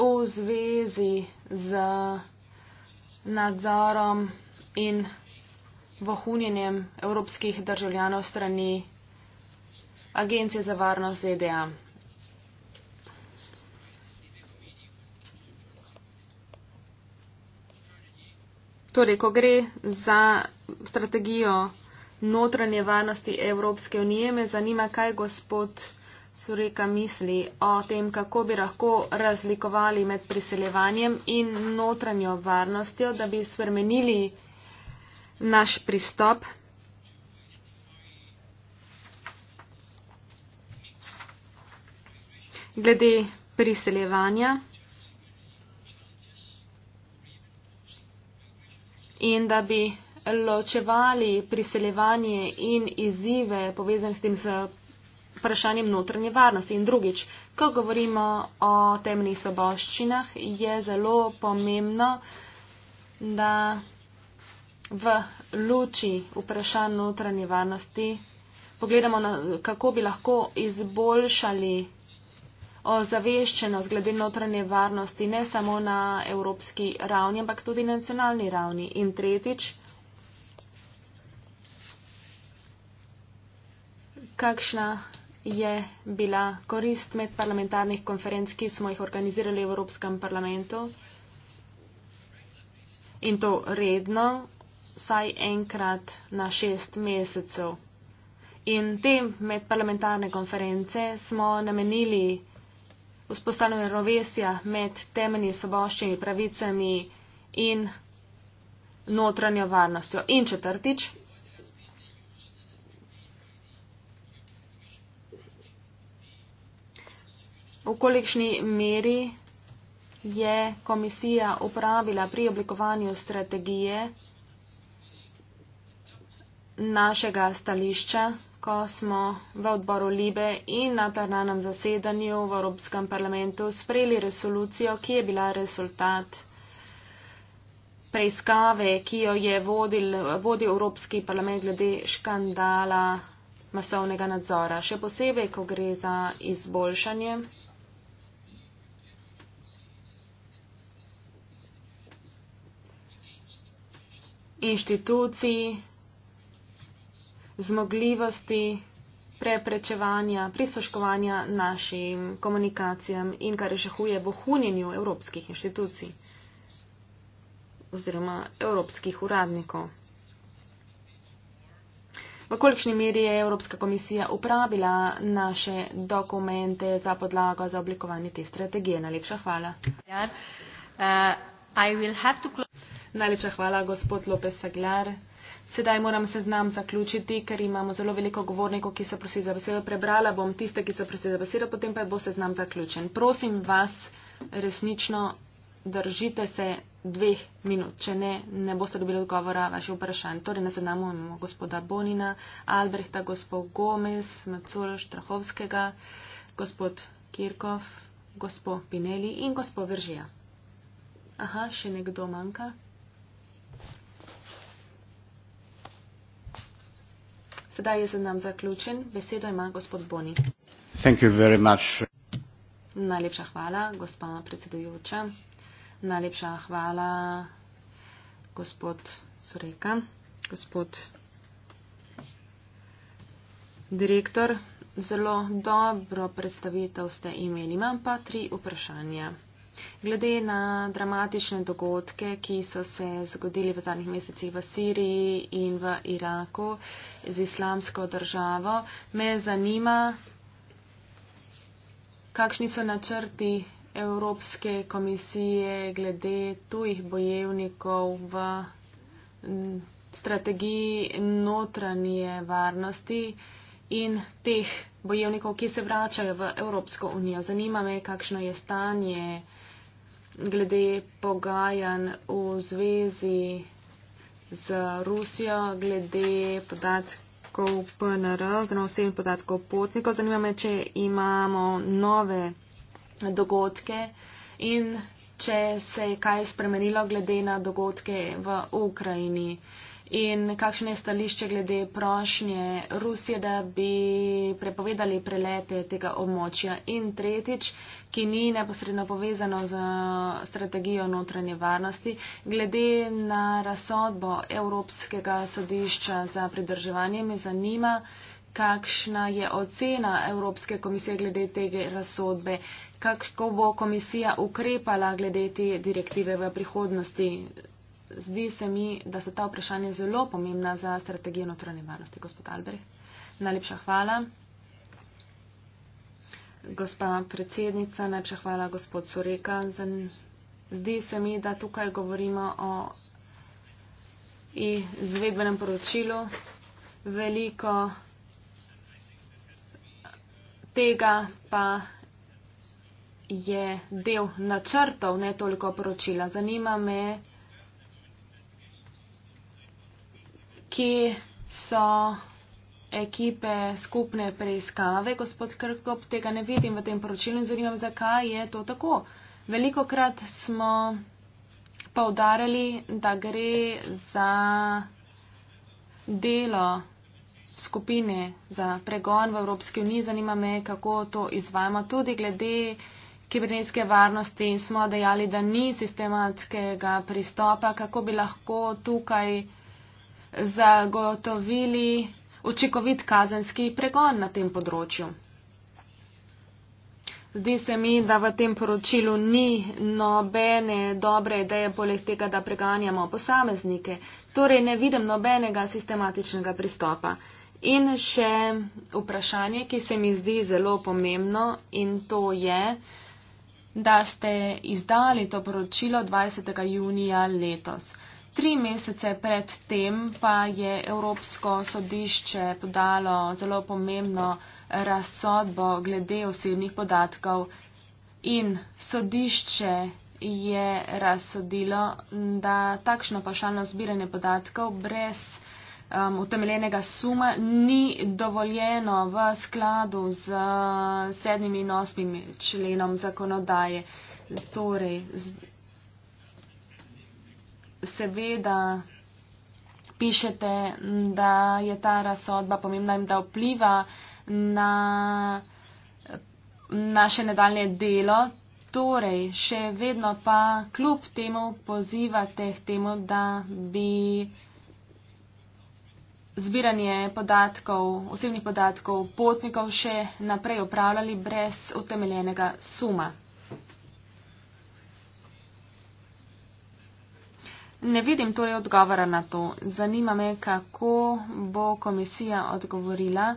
v zvezi z nadzorom in vohunjenjem evropskih državljanov strani Agencije za varnost ZDA. Torej, ko gre za strategijo notranje varnosti Evropske unije, me zanima, kaj gospod Sureka misli o tem, kako bi lahko razlikovali med priseljevanjem in notranjo varnostjo, da bi spremenili naš pristop. Glede priseljevanja. in da bi ločevali priseljevanje in izzive povezane s tem z vprašanjem notranje varnosti. In drugič, ko govorimo o temeljnih soboščinah, je zelo pomembno, da v luči vprašanj notranje varnosti pogledamo, na, kako bi lahko izboljšali ozaveščenost glede notranje varnosti ne samo na evropski ravni, ampak tudi na nacionalni ravni. In tretjič, kakšna je bila korist med parlamentarnih konferenc, ki smo jih organizirali v Evropskem parlamentu in to redno, saj enkrat na šest mesecev. In te medparlamentarne konference smo namenili vzpostavljanje ravnovesja med temeljnimi svoboščami, pravicami in notranjo varnostjo. In četrtič, v kolikšni meri je komisija uporabila pri oblikovanju strategije našega stališča ko smo v odboru Libe in na plenarnem zasedanju v Evropskem parlamentu sprejeli resolucijo, ki je bila rezultat preiskave, ki jo je vodil, vodil Evropski parlament glede škandala masovnega nadzora, še posebej, ko gre za izboljšanje. inštituciji zmogljivosti preprečevanja, prisoškovanja našim komunikacijam in kar je še huje, bohunjenju evropskih inštitucij oziroma evropskih uradnikov. V kolikšni meri je Evropska komisija uporabila naše dokumente za podlago za oblikovanje te strategije? Najlepša hvala. Uh, Najlepša hvala, gospod Lopez Saglar. Sedaj moram seznam zaključiti, ker imamo zelo veliko govornikov, ki so prosili za besedo. Prebrala bom tiste, ki so prosili za besedo, potem pa bo seznam zaključen. Prosim vas, resnično držite se dveh minut, če ne, ne boste dobili odgovora vaše vprašanje. Torej, na seznamu imamo gospoda Bonina, Albrehta, gospod Gomez, Macur Štrahovskega, gospod Kirkov, gospod Pineli in gospod Veržija. Aha, še nekdo manjka. Sedaj je za nam zaključen. Besedo ima gospod Boni. Najlepša hvala, gospa predsedujoča. Najlepša hvala, gospod Sureka, gospod direktor. Zelo dobro predstavitev ste imeli, imam pa tri vprašanja. Glede na dramatične dogodke, ki so se zgodili v zadnjih mesecih v Siriji in v Iraku z islamsko državo, me zanima, kakšni so načrti Evropske komisije glede tujih bojevnikov v strategiji notranje varnosti in teh bojevnikov, ki se vračajo v Evropsko unijo. Zanima me, kakšno je stanje glede pogajanj v zvezi z Rusijo, glede podatkov PNR, oziroma osebnih podatkov potnikov. Zanima me, če imamo nove dogodke in če se je kaj spremenilo glede na dogodke v Ukrajini. In kakšno je stališče glede prošnje Rusije, da bi prepovedali prelete tega območja? In tretjič, ki ni neposredno povezano z strategijo notranje varnosti, glede na razsodbo Evropskega sodišča za pridrževanje, me zanima, kakšna je ocena Evropske komisije glede tega razsodbe, kako bo komisija ukrepala glede te direktive v prihodnosti zdi se mi, da so ta vprašanja zelo pomembna za strategijo notranje varnosti, gospod Albrecht. Najlepša hvala. Gospa predsednica, najlepša hvala, gospod Soreka. Zdi se mi, da tukaj govorimo o izvedbenem poročilu. Veliko tega pa je del načrtov, ne toliko poročila. Zanima me, kje so ekipe skupne preiskave, gospod Krkop, tega ne vidim v tem poročilu in zanimam, zakaj je to tako. Veliko krat smo povdarjali, da gre za delo skupine za pregon v Evropski uniji. Zanima me, kako to izvajamo. Tudi glede kibernetske varnosti smo dejali, da ni sistematskega pristopa, kako bi lahko tukaj zagotovili učinkovit kazenski pregon na tem področju. Zdi se mi, da v tem poročilu ni nobene dobre ideje poleg tega, da preganjamo posameznike. Torej ne vidim nobenega sistematičnega pristopa. In še vprašanje, ki se mi zdi zelo pomembno in to je, da ste izdali to poročilo 20. junija letos. Uh, Tri mesece pred tem pa je Evropsko sodišče podalo zelo pomembno razsodbo glede osebnih podatkov in sodišče je razsodilo, da takšno pašalno zbiranje podatkov brez um, utemeljenega suma ni dovoljeno v skladu z sedmimi in osmimi členom zakonodaje. Torej, seveda pišete, da je ta razsodba pomembna in da vpliva na naše nedaljne delo. Torej, še vedno pa kljub temu pozivate k temu, da bi zbiranje podatkov, osebnih podatkov potnikov še naprej upravljali brez utemeljenega suma. Ne vidim torej odgovora na to. Zanima me, kako bo komisija odgovorila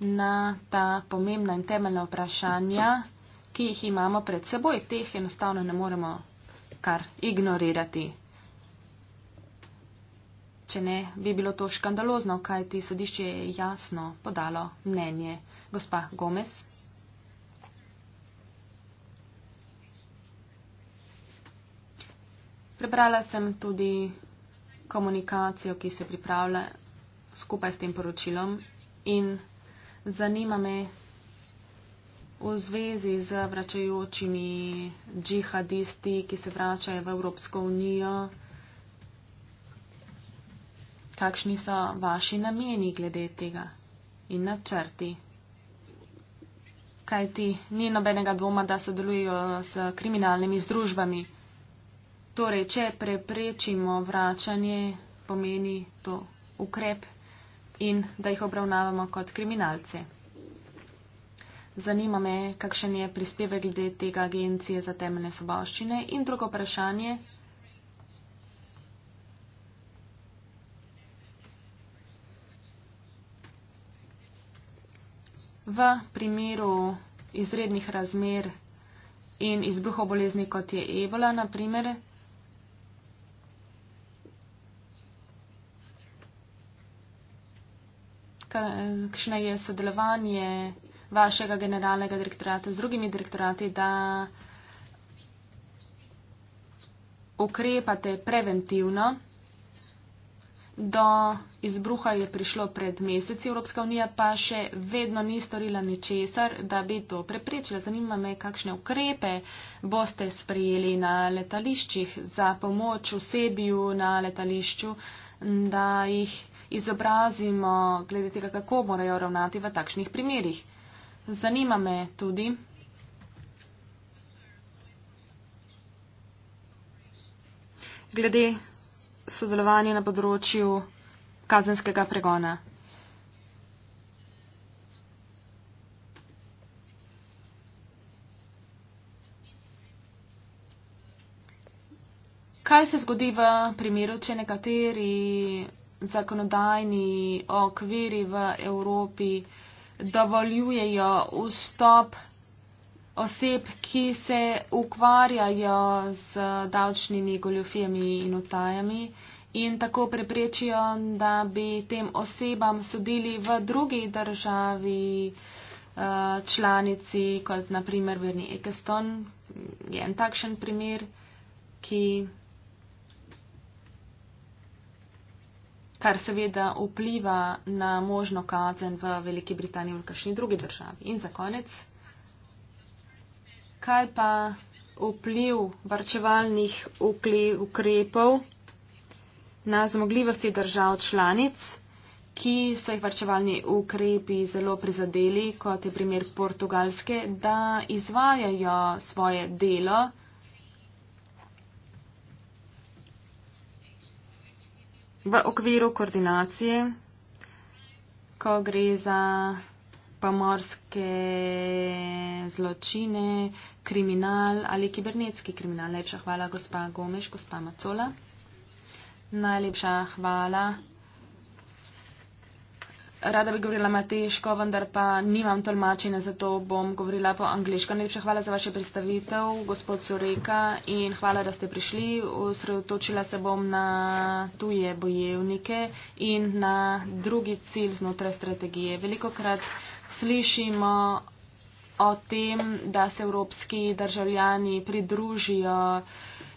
na ta pomembna in temeljna vprašanja, ki jih imamo pred seboj. Teh enostavno ne moremo kar ignorirati. Če ne, bi bilo to škandalozno, kaj ti sodišče je jasno podalo mnenje. Gospa Gomez. Prebrala sem tudi komunikacijo, ki se pripravlja skupaj s tem poročilom in zanima me v zvezi z vračajočimi džihadisti, ki se vračajo v Evropsko unijo. Kakšni so vaši nameni glede tega in načrti? Kaj ti ni nobenega dvoma, da sodelujo s kriminalnimi združbami? Torej, če preprečimo vračanje, pomeni to ukrep in da jih obravnavamo kot kriminalce. Zanima me, kakšen je prispevek glede tega agencije za temeljne soboščine in drugo vprašanje. V primeru izrednih razmer in izbruhov bolezni, kot je ebola, naprimer, kakšno je sodelovanje vašega generalnega direktorata z drugimi direktorati, da ukrepate preventivno. Do izbruha je prišlo pred meseci Evropska unija, pa še vedno ni storila ničesar, da bi to preprečila. Zanima me, kakšne ukrepe boste sprijeli na letališčih za pomoč osebju na letališču, da jih izobrazimo glede tega, kako morajo ravnati v takšnih primerih. Zanima me tudi, glede sodelovanja na področju kazenskega pregona. Kaj se zgodi v primeru, če nekateri zakonodajni okviri v Evropi dovoljujejo vstop oseb, ki se ukvarjajo z davčnimi goljofijami in utajami in tako preprečijo, da bi tem osebam sodili v drugi državi eh, članici, kot naprimer Verni Ekeston. Je en takšen primer, ki kar seveda vpliva na možno kazen v Veliki Britaniji in kakšni drugi državi. In za konec, kaj pa vpliv varčevalnih ukrepov na zmogljivosti držav članic, ki so jih varčevalni ukrepi zelo prizadeli, kot je primer portugalske, da izvajajo svoje delo. v okviru koordinacije, ko gre za pomorske zločine, kriminal ali kibernetski kriminal. Najlepša hvala, gospa Gomeš, gospa Macola. Najlepša hvala rada bi govorila matiško, vendar pa nimam tolmačine, zato bom govorila po angliško. Najlepša hvala za vaše predstavitev, gospod Soreka, in hvala, da ste prišli. Usredotočila se bom na tuje bojevnike in na drugi cilj znotraj strategije. Velikokrat slišimo o tem, da se evropski državljani pridružijo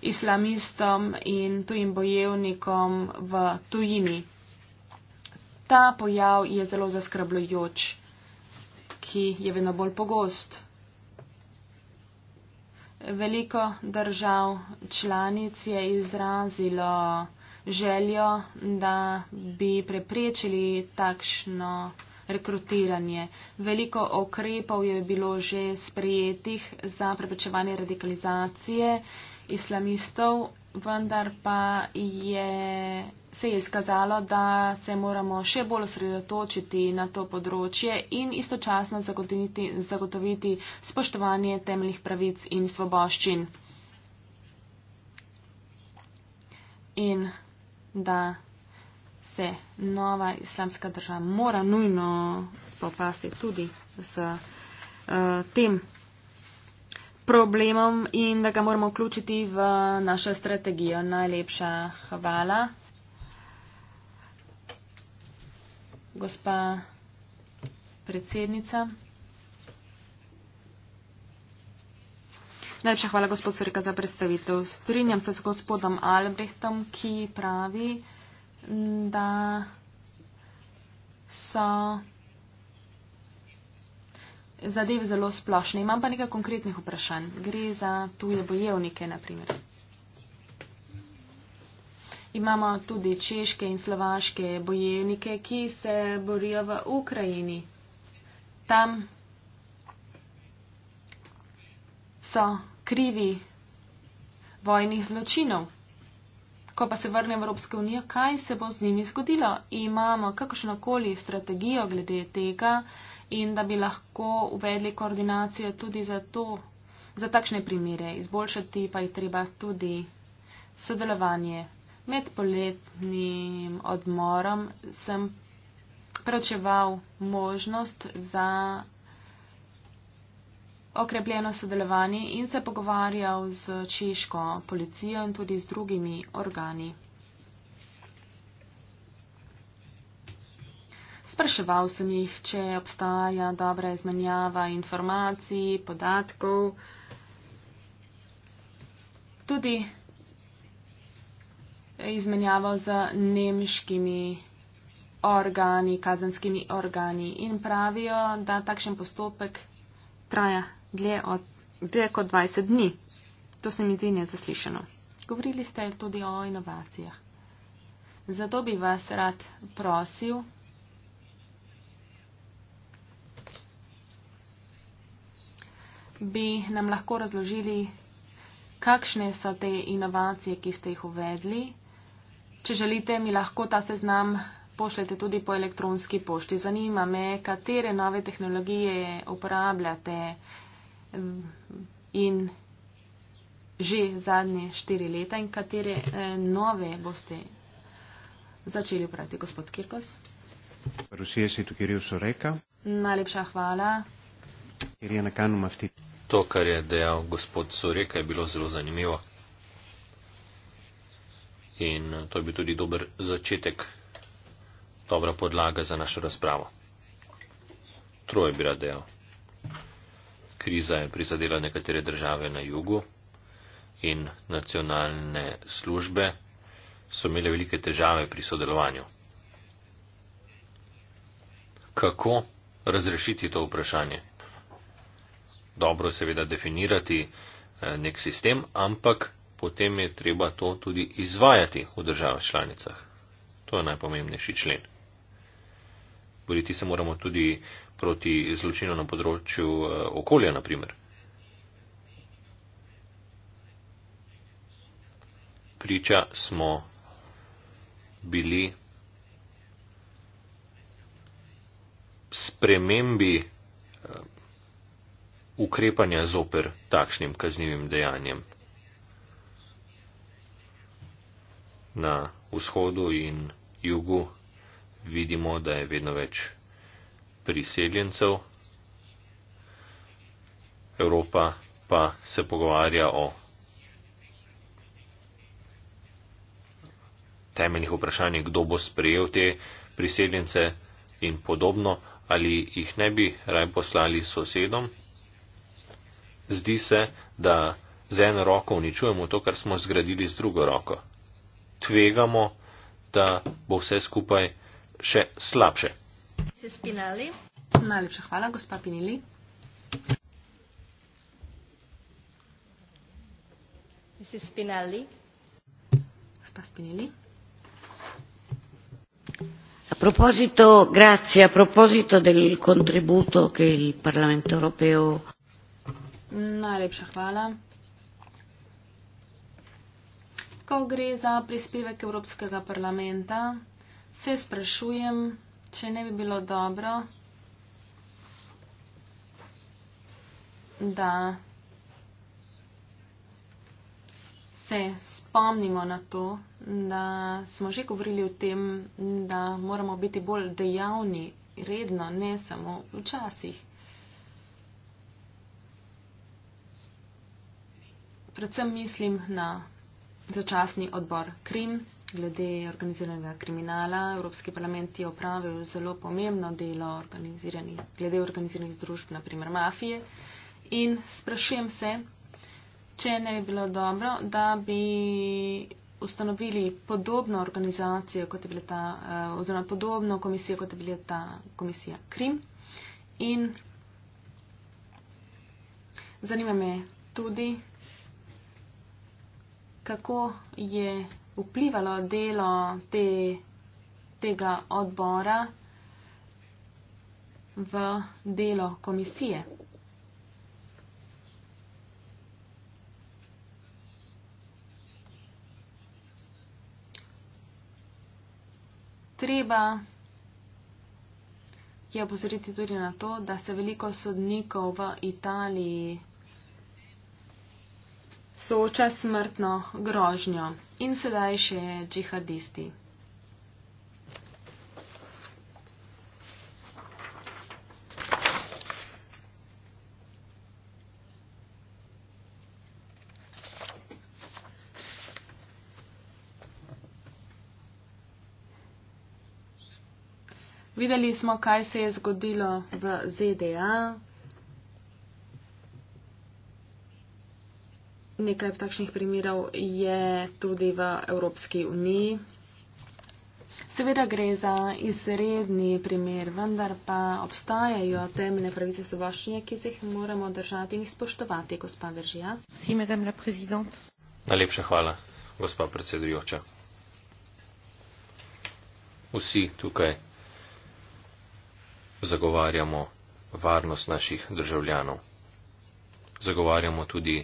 islamistom in tujim bojevnikom v tujini. Ta pojav je zelo zaskrbljujoč, ki je vedno bolj pogost. Veliko držav članic je izrazilo željo, da bi preprečili takšno rekrutiranje. Veliko okrepov je bilo že sprejetih za preprečevanje radikalizacije islamistov vendar pa je, se je izkazalo, da se moramo še bolj osredotočiti na to področje in istočasno zagotoviti, zagotoviti spoštovanje temeljnih pravic in svoboščin. In da se nova islamska država mora nujno spopasti tudi s uh, tem problemom in da ga moramo vključiti v našo strategijo. Najlepša hvala. Gospa predsednica. Najlepša hvala, gospod Sorika, za predstavitev. Strinjam se z gospodom Albrechtom, ki pravi, da so zadeve zelo splošne. Imam pa nekaj konkretnih vprašanj. Gre za tuje bojevnike, naprimer. Imamo tudi češke in slovaške bojevnike, ki se borijo v Ukrajini. Tam so krivi vojnih zločinov. Ko pa se vrne v Evropsko unijo, kaj se bo z njimi zgodilo? Imamo kakšno koli strategijo glede tega, in da bi lahko uvedli koordinacijo tudi za to, za takšne primere. Izboljšati pa je treba tudi sodelovanje. Med poletnim odmorom sem pročeval možnost za okrepljeno sodelovanje in se pogovarjal z češko policijo in tudi z drugimi organi. Spraševal sem jih, če obstaja dobra izmenjava informacij, podatkov. Tudi izmenjavo z nemškimi organi, kazanskimi organi in pravijo, da takšen postopek traja dlje, od, dlje kot 20 dni. To se mi zdi nezaslišano. Govorili ste tudi o inovacijah. Zato bi vas rad prosil, bi nam lahko razložili, kakšne so te inovacije, ki ste jih uvedli. Če želite, mi lahko ta seznam pošljete tudi po elektronski pošti. Zanima me, katere nove tehnologije uporabljate mm, in že zadnje štiri leta in katere eh, nove boste začeli uporabljati, gospod Kirkos. Najlepša hvala. Ker je na kanu maftiti to, kar je dejal gospod Sureka, je bilo zelo zanimivo. In eh, to je bil tudi dober začetek, dobra podlaga za našo razpravo. Troje bi rad dejal. Kriza je prizadela nekatere države na jugu in nacionalne službe so imele velike težave pri sodelovanju. Kako razrešiti to vprašanje? dobro je seveda definirati eh, nek sistem, ampak potem je treba to tudi izvajati v državah članicah. To je najpomembnejši člen. Boriti se moramo tudi proti zločinu na področju eh, okolja, naprimer. Priča smo bili spremembi eh, ukrepanja zoper takšnim kaznjivim dejanjem. Na vzhodu in jugu vidimo, da je vedno več priseljencev, Evropa pa se pogovarja o temeljnih vprašanjih, kdo bo sprejel te priseljence in podobno, ali jih ne bi raj poslali sosedom. Zdi se, da z eno roko uničujemo to, kar smo zgradili z drugo roko. Tvegamo, da bo vse skupaj še slabše. Se spinali? Najlepša hvala, gospa Pinili. Se spinali? Gospa Spinili. A proposito, grazie, a proposito del contributo che il Parlamento europeo Najlepša hvala. Ko gre za prispevek Evropskega parlamenta, se sprašujem, če ne bi bilo dobro, da se spomnimo na to, da smo že govorili o tem, da moramo biti bolj dejavni redno, ne samo včasih. predvsem mislim na začasni odbor Krim glede organiziranega kriminala. Evropski parlament je opravil zelo pomembno delo organizirani, glede organiziranih združb, naprimer mafije. In sprašujem se, če ne bi bilo dobro, da bi ustanovili podobno organizacijo, kot je bila ta, eh, oziroma podobno komisijo, kot je bila ta komisija Krim. In zanima me tudi, kako je vplivalo delo te, tega odbora v delo komisije. Treba je opozoriti tudi na to, da se veliko sodnikov v Italiji sooča s smrtno grožnjo in sedaj še džihadisti. Videli smo, kaj se je zgodilo v ZDA. Nekaj takšnih primerov je tudi v Evropski uniji. Seveda gre za izredni primer, vendar pa obstajajo temeljne pravice soboščine, ki se jih moramo držati in spoštovati, gospa Držija. Si, madame la prezident. Najlepša hvala, gospa predsedujoča. Vsi tukaj zagovarjamo varnost naših državljanov. Zagovarjamo tudi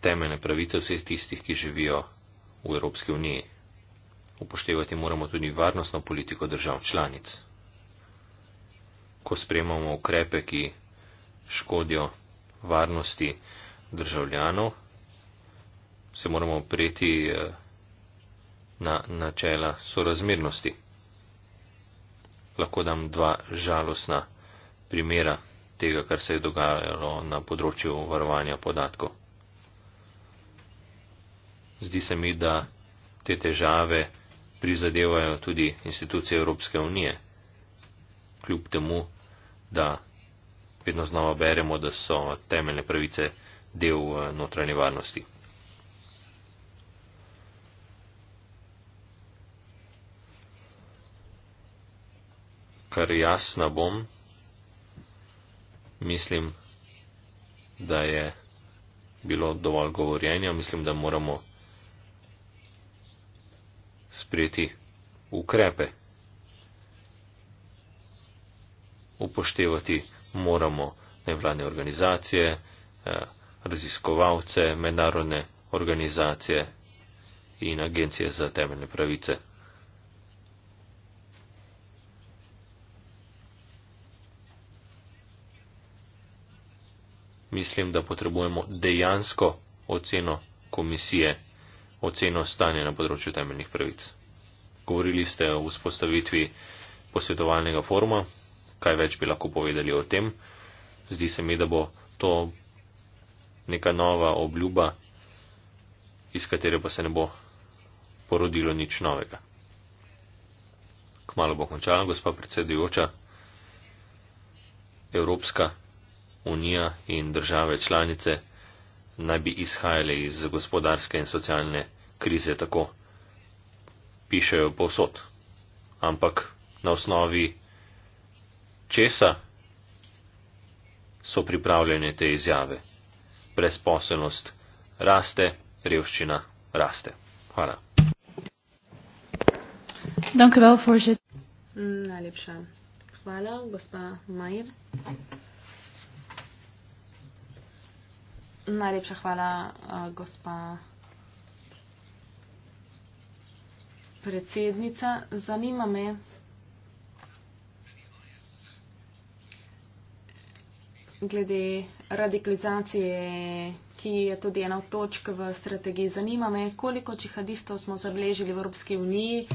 temeljne pravice vseh tistih, ki živijo v Evropski uniji. Upoštevati moramo tudi varnostno politiko držav članic. Ko sprejemamo ukrepe, ki škodijo varnosti državljanov, se moramo opreti eh, na načela sorazmernosti. Lahko dam dva žalostna primera tega, kar se je dogajalo na področju varovanja podatkov zdi se mi, da te težave prizadevajo tudi institucije Evropske unije. Kljub temu, da vedno znova beremo, da so temeljne pravice del eh, notranje varnosti. Kar jasna bom, mislim, da je bilo dovolj govorjenja, mislim, da moramo sprejeti ukrepe. Upoštevati moramo nevladne organizacije, eh, raziskovalce, mednarodne organizacije in agencije za temeljne pravice. Mislim, da potrebujemo dejansko oceno komisije oceno stanja na področju temeljnih pravic. Govorili ste o vzpostavitvi posvetovalnega foruma, kaj več bi lahko povedali o tem. Zdi se mi, da bo to neka nova obljuba, iz katere pa se ne bo porodilo nič novega. Kmalo bo končala, gospa predsedujoča, Evropska unija in države članice naj bi izhajale iz gospodarske in socialne krize, tako pišejo povsod. Ampak na osnovi česa so pripravljene te izjave? Presposobnost raste, revščina raste. Hvala. Danke, Valforžet. Najlepša. Hvala, gospa Majer. Najlepša hvala, eh, gospa predsednica. Zanima me, glede radikalizacije, ki je tudi ena od točk v strategiji, zanima me, koliko džihadistov smo zabeležili v Evropski uniji,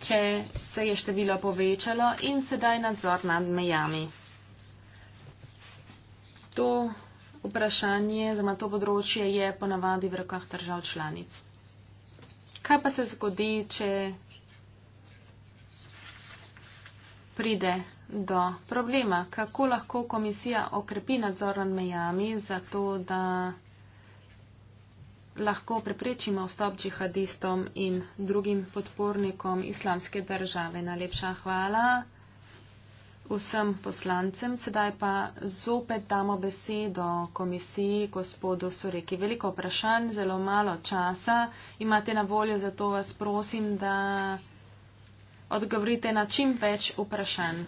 če se je število povečalo in sedaj nadzor nad mejami. To vprašanje, oziroma to področje je ponavadi v rokah držav članic. Kaj pa se zgodi, če pride do problema? Kako lahko komisija okrepi nadzor nad mejami, zato da lahko preprečimo vstop džihadistom in drugim podpornikom islamske države? Najlepša hvala vsem poslancem. Sedaj pa zopet damo besedo komisiji, gospodu Soreki. Veliko vprašanj, zelo malo časa imate na voljo, zato vas prosim, da odgovorite na čim več vprašanj.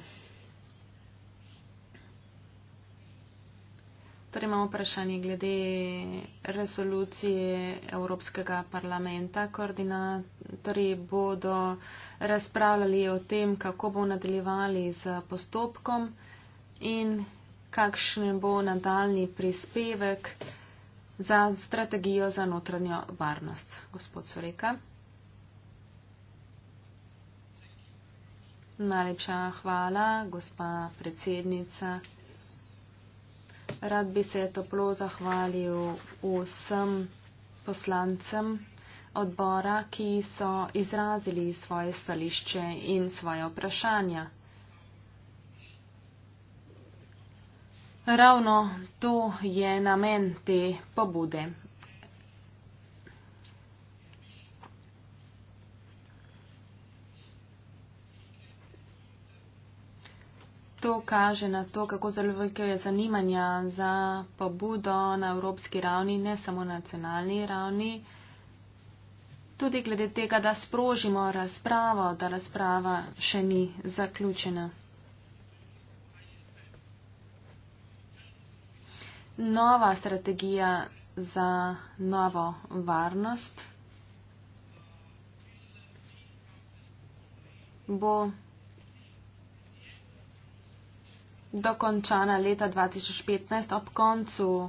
Torej imamo vprašanje glede resolucije Evropskega parlamenta. Koordinatorji bodo razpravljali o tem, kako bo nadaljevali z postopkom in kakšen bo nadaljni prispevek za strategijo za notranjo varnost. Gospod Soreka. Najlepša hvala, gospa predsednica. Rad bi se toplo zahvalil vsem poslancem odbora, ki so izrazili svoje stališče in svoje vprašanja. Ravno to je namen te pobude. to kaže na to, kako zelo veliko je zanimanja za pobudo na evropski ravni, ne samo na nacionalni ravni. Tudi glede tega, da sprožimo razpravo, da razprava še ni zaključena. Nova strategija za novo varnost bo dokončana leta 2015 ob koncu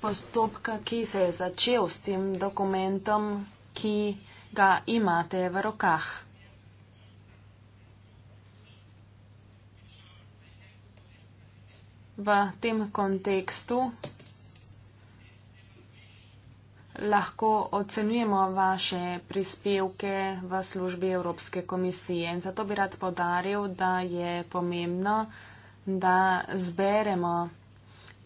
postopka, ki se je začel s tem dokumentom, ki ga imate v rokah. V tem kontekstu lahko ocenujemo vaše prispevke v službi Evropske komisije. In zato bi rad podaril, da je pomembno, da zberemo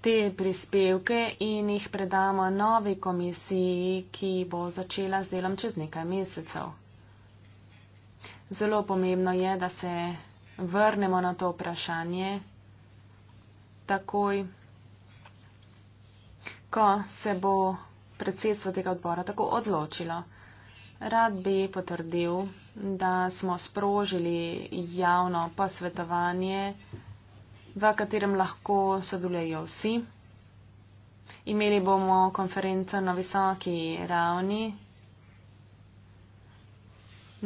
te prispevke in jih predamo novi komisiji, ki bo začela z delom čez nekaj mesecev. Zelo pomembno je, da se vrnemo na to vprašanje takoj, ko se bo predsedstvo tega odbora tako odločilo. Rad bi potrdil, da smo sprožili javno posvetovanje v katerem lahko sodelujejo vsi. Imeli bomo konferenco na visoki ravni,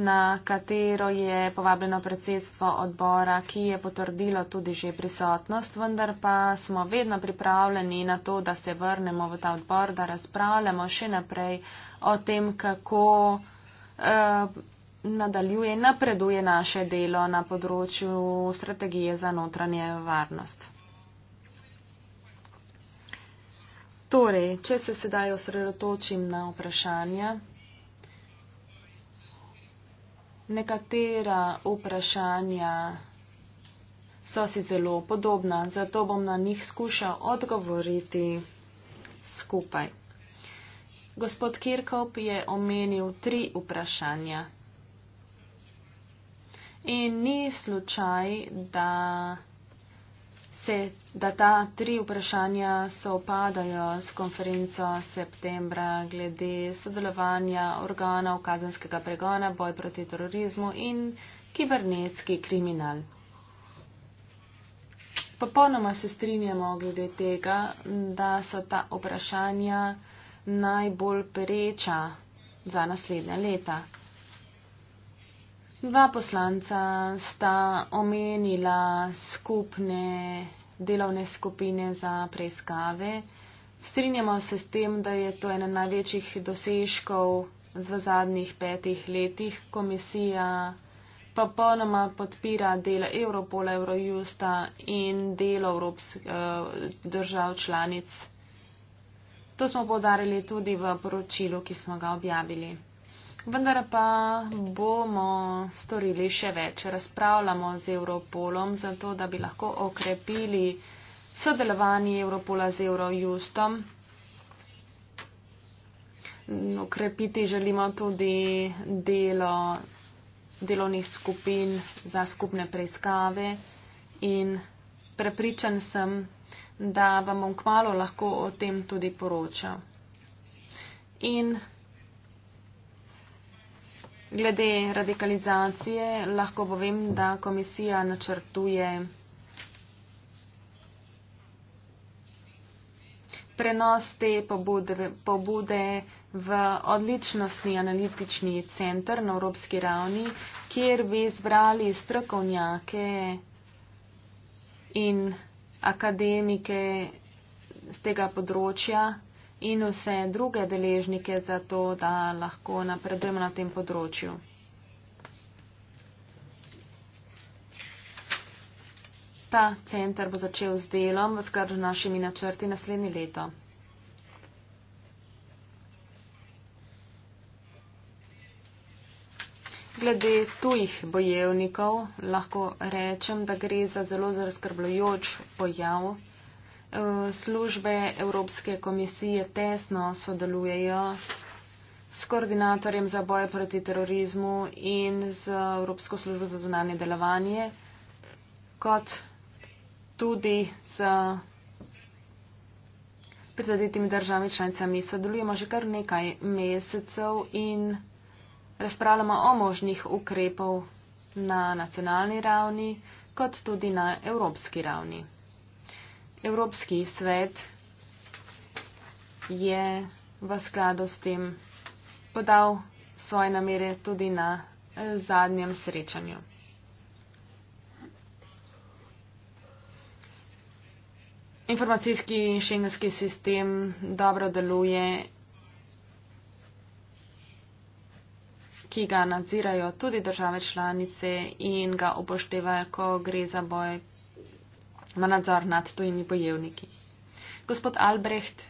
na katero je povabljeno predsedstvo odbora, ki je potrdilo tudi že prisotnost, vendar pa smo vedno pripravljeni na to, da se vrnemo v ta odbor, da razpravljamo še naprej o tem, kako. Uh, nadaljuje, napreduje naše delo na področju strategije za notranje varnost. Torej, če se sedaj osredotočim na vprašanja, nekatera vprašanja so si zelo podobna, zato bom na njih skušal odgovoriti skupaj. Gospod Kirkop je omenil tri vprašanja. In ni slučaj, da, se, da ta tri vprašanja sopadajo s konferenco septembra glede sodelovanja organov kazenskega pregona, boj proti terorizmu in kibernetski kriminal. Popolnoma se strinjamo glede tega, da so ta vprašanja najbolj pereča za naslednja leta. Dva poslanca sta omenila skupne delovne skupine za preiskave. Strinjamo se s tem, da je to ena največjih dosežkov v zadnjih petih letih. Komisija popolnoma podpira delo Evropola, Eurojusta in delo evropskih eh, držav članic. To smo povdarili tudi v poročilu, ki smo ga objavili. Vendar pa bo storili še več. Razpravljamo z Europolom, zato da bi lahko okrepili sodelovanje Europola z Eurojustom. Okrepiti želimo tudi delo delovnih skupin za skupne preiskave in prepričan sem, da vam bom kmalo lahko o tem tudi poročal. In Glede radikalizacije lahko povem, da komisija načrtuje prenos te pobude, pobude v odličnostni analitični center na evropski ravni, kjer bi izbrali strokovnjake in akademike z tega področja in vse druge deležnike za to, da lahko napredujemo na tem področju. Ta center bo začel z delom v skladu z našimi načrti naslednje leto. Glede tujih bojevnikov lahko rečem, da gre za zelo zaskrbljujoč pojav službe Evropske komisije tesno sodelujejo s koordinatorjem za boje proti terorizmu in z Evropsko službo za zunanje delovanje, kot tudi z prizadetimi državami članicami. Sodelujemo že kar nekaj mesecev in razpravljamo o možnih ukrepov na nacionalni ravni, kot tudi na evropski ravni. Evropski svet je v skladu s tem podal svoje namere tudi na eh, zadnjem srečanju. Informacijski in šengenski sistem dobro deluje, ki ga nadzirajo tudi države članice in ga upoštevajo, ko gre za boj ima nadzor nad tujimi bojevniki. Gospod Albrecht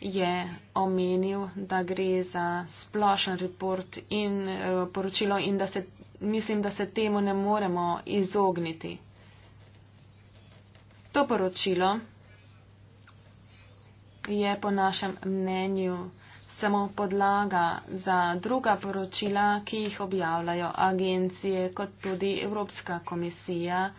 je omenil, da gre za splošen report in uh, poročilo in da se, mislim, da se temu ne moremo izogniti. To poročilo je po našem mnenju samo podlaga za druga poročila, ki jih objavljajo agencije kot tudi Evropska komisija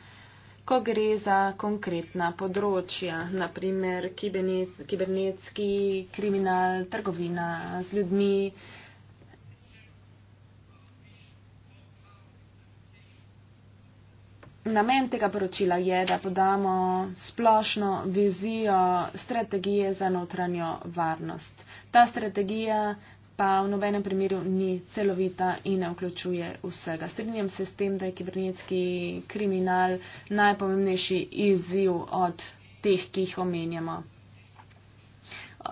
ko gre za konkretna področja, naprimer kibernetski kriminal, trgovina z ljudmi. Namen tega poročila je, da podamo splošno vizijo strategije za notranjo varnost. Ta strategija pa v nobenem primeru ni celovita in ne vključuje vsega. Strinjam se s tem, da je kibernetski kriminal najpomembnejši izziv od teh, ki jih omenjamo.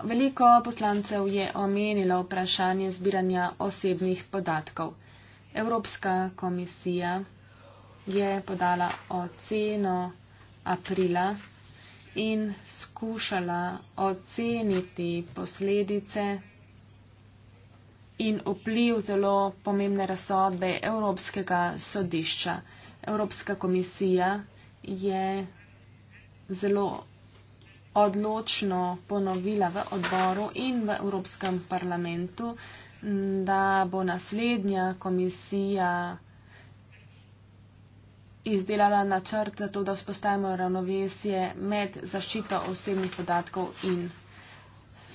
Veliko poslancev je omenilo vprašanje zbiranja osebnih podatkov. Evropska komisija je podala oceno aprila in skušala oceniti posledice in vpliv zelo pomembne razsodbe Evropskega sodišča. Evropska komisija je zelo odločno ponovila v odboru in v Evropskem parlamentu, da bo naslednja komisija izdelala načrt za to, da spostavimo ravnovesje med zaščito osebnih podatkov in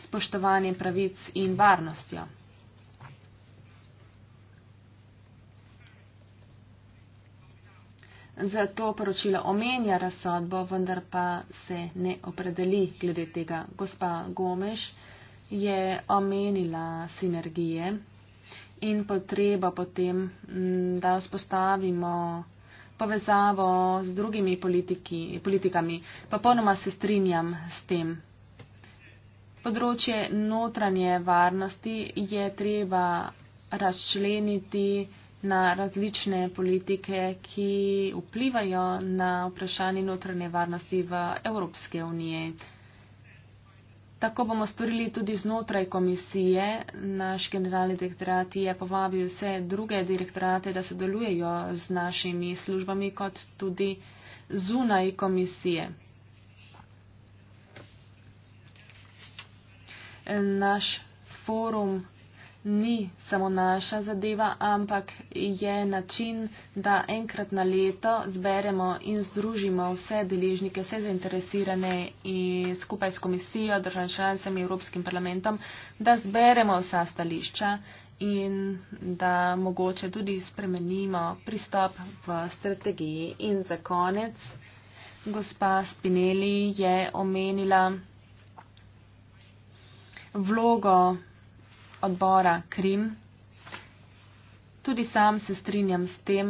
spoštovanjem pravic in varnostjo. zato poročilo omenja razsodbo, vendar pa se ne opredeli glede tega. Gospa Gomeš je omenila sinergije in potreba potem, da vzpostavimo povezavo z drugimi politiki, politikami. Popolnoma se strinjam s tem. Področje notranje varnosti je treba razčleniti na različne politike, ki vplivajo na vprašanje notranje varnosti v Evropske unije. Tako bomo storili tudi znotraj komisije. Naš generalni direktorat je povabil vse druge direktorate, da sodelujejo z našimi službami, kot tudi zunaj komisije. Naš forum ni samo naša zadeva, ampak je način, da enkrat na leto zberemo in združimo vse deležnike, vse zainteresirane in skupaj s komisijo, državljancem in Evropskim parlamentom, da zberemo vsa stališča in da mogoče tudi spremenimo pristop v strategiji. In za konec, gospa Spinelli je omenila vlogo odbora Krim. Tudi sam se strinjam s tem,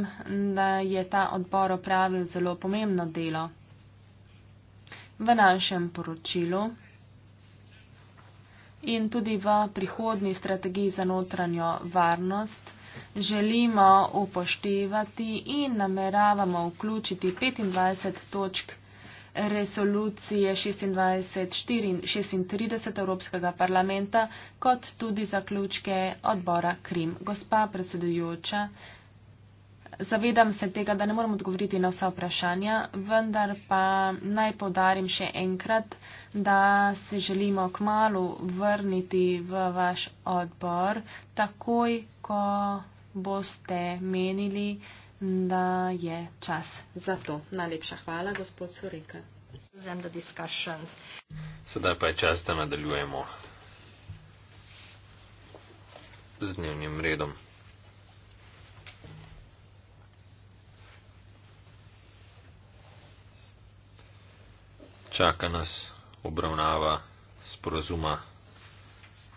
da je ta odbor opravil zelo pomembno delo. V našem poročilu in tudi v prihodni strategiji za notranjo varnost želimo upoštevati in nameravamo vključiti 25 točk resolucije 26-36 Evropskega parlamenta, kot tudi zaključke odbora Krim. Gospa predsedujoča, zavedam se tega, da ne moram odgovoriti na vsa vprašanja, vendar pa naj povdarim še enkrat, da se želimo k malu vrniti v vaš odbor, takoj, ko boste menili, da da je čas za to. Najlepša hvala, gospod Sureka. Sedaj pa je čas, da nadaljujemo z dnevnim redom. Čaka nas obravnava sporozuma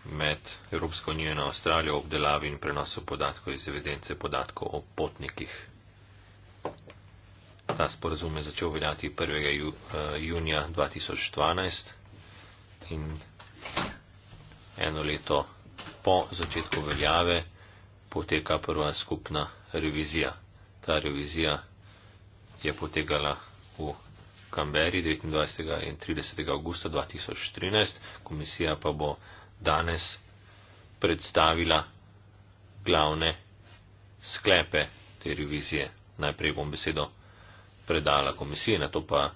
med Evropsko unijo in Avstralijo o obdelavi in prenosu podatkov iz evidence podatkov o potnikih ta sporazum je začel veljati 1. Ju, uh, junija 2012 in eno leto po začetku veljave poteka prva skupna revizija. Ta revizija je potekala v Kamberi 29. in 30. augusta 2013, komisija pa bo danes predstavila glavne sklepe te revizije. Najprej bom besedo predala komisiji, na to pa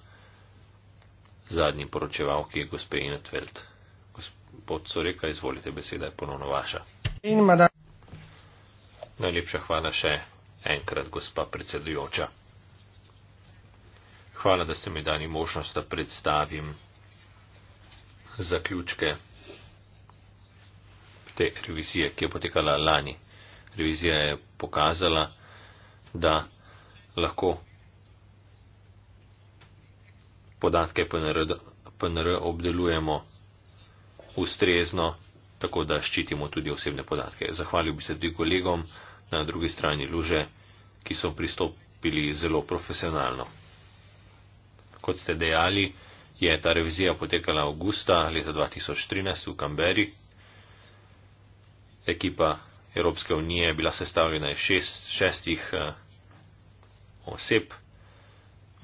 zadnji poročevalki gospe Inetveld. Gospod Soreka, izvolite, beseda je ponovno vaša. In madam. Najlepša hvala še enkrat, gospa predsedujoča. Hvala, da ste mi dali možnost, da predstavim zaključke te revizije, ki je potekala lani. Revizija je pokazala, da lahko podatke PNR, PNR obdelujemo ustrezno, tako da ščitimo tudi osebne podatke. Zahvalil bi se tudi kolegom na drugi strani Luže, ki so pristopili zelo profesionalno. Kot ste dejali, je ta revizija potekala avgusta leta 2013 v Kamberi. Ekipa Evropske unije je bila sestavljena iz šest, šestih eh, oseb.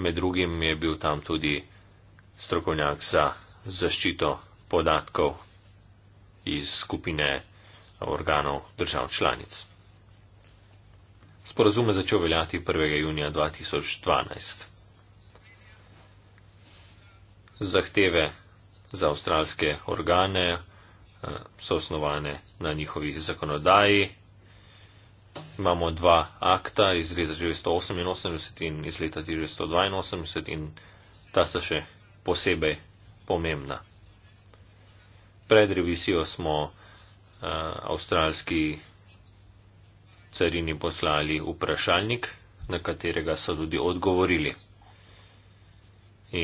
Med drugim je bil tam tudi strokovnjak za zaščito podatkov iz skupine organov držav članic. Sporazum je začel veljati 1. junija 2012. Zahteve za avstralske organe eh, so osnovane na njihovih zakonodaji, imamo dva akta iz leta 1988 in iz leta 1982 in ta so še posebej pomembna. Pred revizijo smo uh, avstralski carini poslali vprašalnik, na katerega so tudi odgovorili.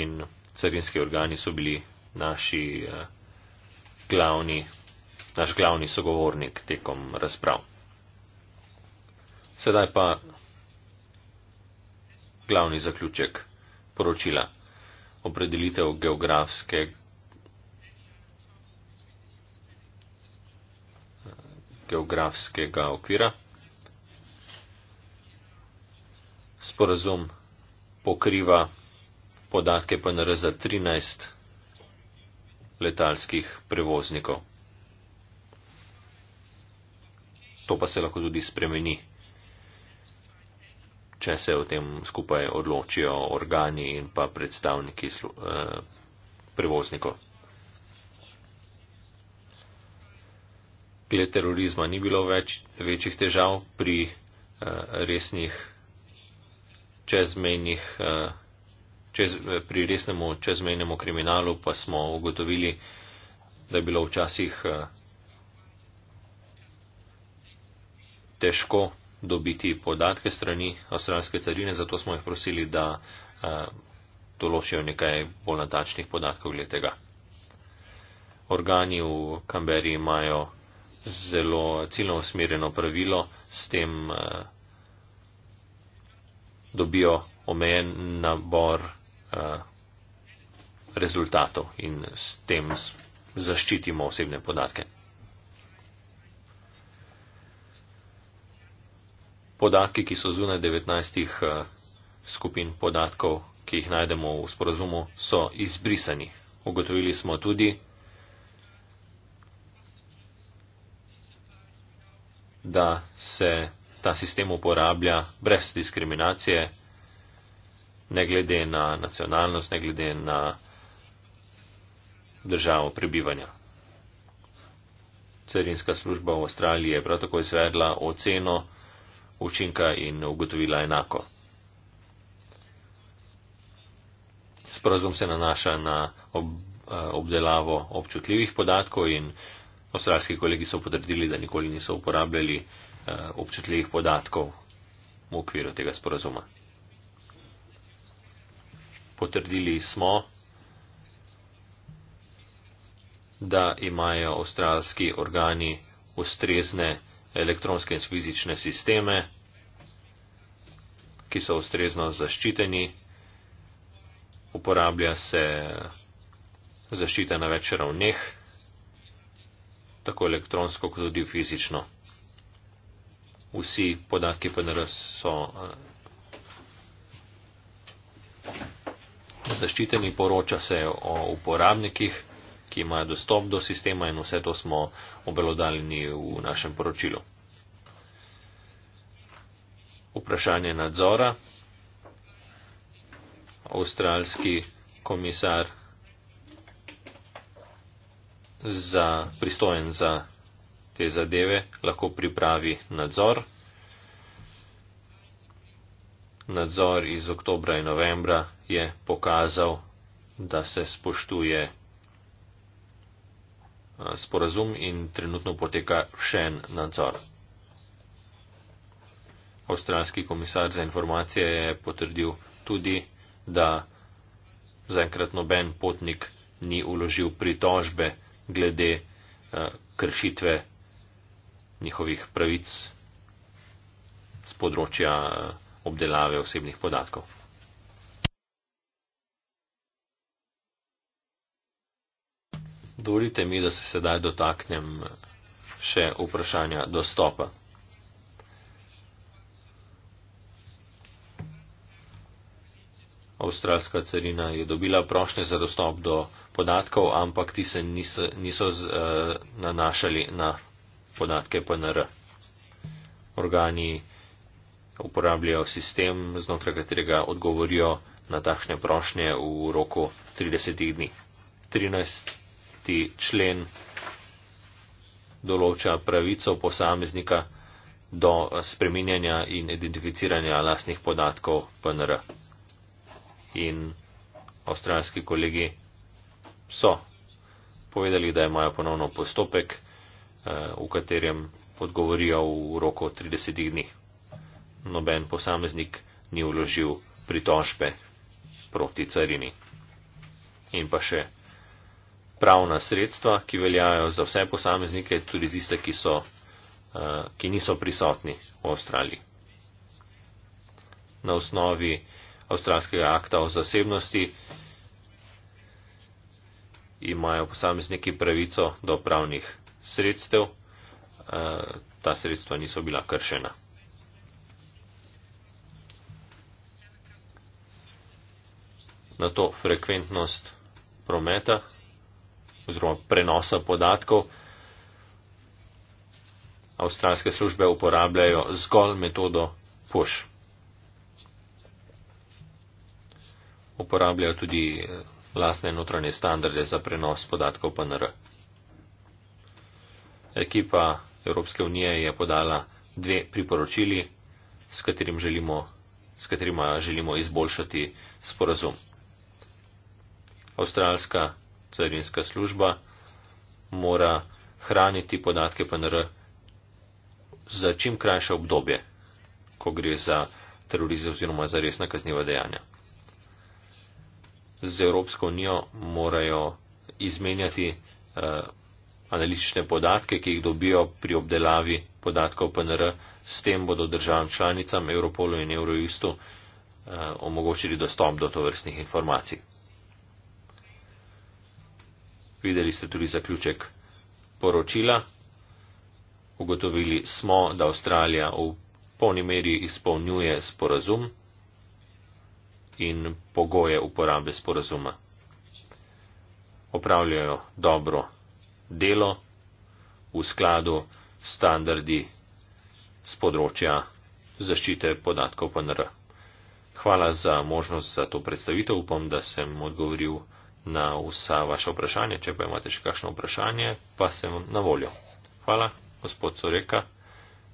In carinski organi so bili naši, uh, glavni, naš glavni sogovornik tekom razprav. Sedaj pa glavni zaključek poročila. Opredelitev geografske geografskega okvira. Sporazum pokriva podatke PNR za 13 letalskih prevoznikov. To pa se lahko tudi spremeni če se o tem skupaj odločijo organi in pa predstavniki slu, eh, prevoznikov. Glede terorizma ni bilo več, večjih težav pri eh, resnih čezmejnih. Eh, eh Pri resnemu čezmejnemu kriminalu pa smo ugotovili, da je bilo včasih eh, težko dobiti podatke strani avstralske carine, zato smo jih prosili, da eh, določijo nekaj bolj natačnih podatkov glede tega. Organi v Kamberi imajo zelo ciljno usmerjeno pravilo, s tem eh, dobijo omejen nabor eh, rezultatov in s tem zaščitimo osebne podatke. podatki, ki so zunaj 19 eh, skupin podatkov, ki jih najdemo v sporozumu, so izbrisani. Ugotovili smo tudi, da se ta sistem uporablja brez diskriminacije, ne glede na nacionalnost, ne glede na državo prebivanja. Carinska služba v Avstraliji je prav tako izvedla oceno, učinka in ugotovila enako. Sporazum se nanaša na ob, eh, obdelavo občutljivih podatkov in avstralski kolegi so potrdili, da nikoli niso uporabljali eh, občutljivih podatkov v okviru tega sporazuma. Potrdili smo, da imajo avstralski organi ustrezne elektronske in fizične sisteme, ki so ustrezno zaščiteni. Uporablja se zaščita na več ravneh, tako elektronsko kot tudi fizično. Vsi podatki PNR so eh, zaščiteni, poroča se o uporabnikih ki imajo dostop do sistema in vse to smo obelodaljeni v našem poročilu. Vprašanje nadzora. Avstralski komisar za pristojen za te zadeve lahko pripravi nadzor. Nadzor iz oktobra in novembra je pokazal, da se spoštuje Eh, sporazum in trenutno poteka še en nadzor. Avstralski komisar za informacije je potrdil tudi, da zaenkrat noben potnik ni uložil pritožbe glede eh, kršitve njihovih pravic z področja eh, obdelave osebnih podatkov. Dovolite mi, da se sedaj dotaknem še vprašanja dostopa. Avstralska carina je dobila prošnje za dostop do podatkov, ampak ti se niso, niso z, e, nanašali na podatke PNR. Organi uporabljajo sistem, znotraj katerega odgovorijo na takšne prošnje v roku 30 dni. 13 10. člen določa pravico posameznika do spreminjanja in identificiranja lastnih podatkov PNR. In avstralski kolegi so povedali, da imajo ponovno postopek, eh, v katerem odgovorijo v roku 30 dni. Noben posameznik ni vložil pritožbe proti carini. In pa še pravna sredstva, ki veljajo za vse posameznike, tudi tiste, ki, so, eh, ki niso prisotni v Avstraliji. Na osnovi avstralskega akta o zasebnosti imajo posamezniki pravico do pravnih sredstev, eh, ta sredstva niso bila kršena. Na to frekventnost prometa oziroma prenosa podatkov. Avstralske službe uporabljajo zgolj metodo push. Uporabljajo tudi eh, lastne notranje standarde za prenos podatkov PNR. Ekipa Evropske unije je podala dve priporočili, s, katerim želimo, s katerima želimo izboljšati sporazum. Avstralska carinska služba mora hraniti podatke PNR za čim krajše obdobje, ko gre za terorizem oziroma za resna kazniva dejanja. Z Evropsko unijo morajo izmenjati eh, analitične podatke, ki jih dobijo pri obdelavi podatkov PNR, s tem bodo državam članicam Europolu in Eurojustu eh, omogočili dostop do tovrstnih informacij. Videli ste tudi zaključek poročila. Ugotovili smo, da Avstralija v polni meri izpolnjuje sporazum in pogoje uporabe sporazuma. Opravljajo dobro delo v skladu s standardi z področja zaščite podatkov PNR. Hvala za možnost za to predstavitev. Upam, da sem odgovoril na vsa vaša vprašanja. Če pa imate še kakšno vprašanje, pa sem na voljo. Hvala, gospod Soreka.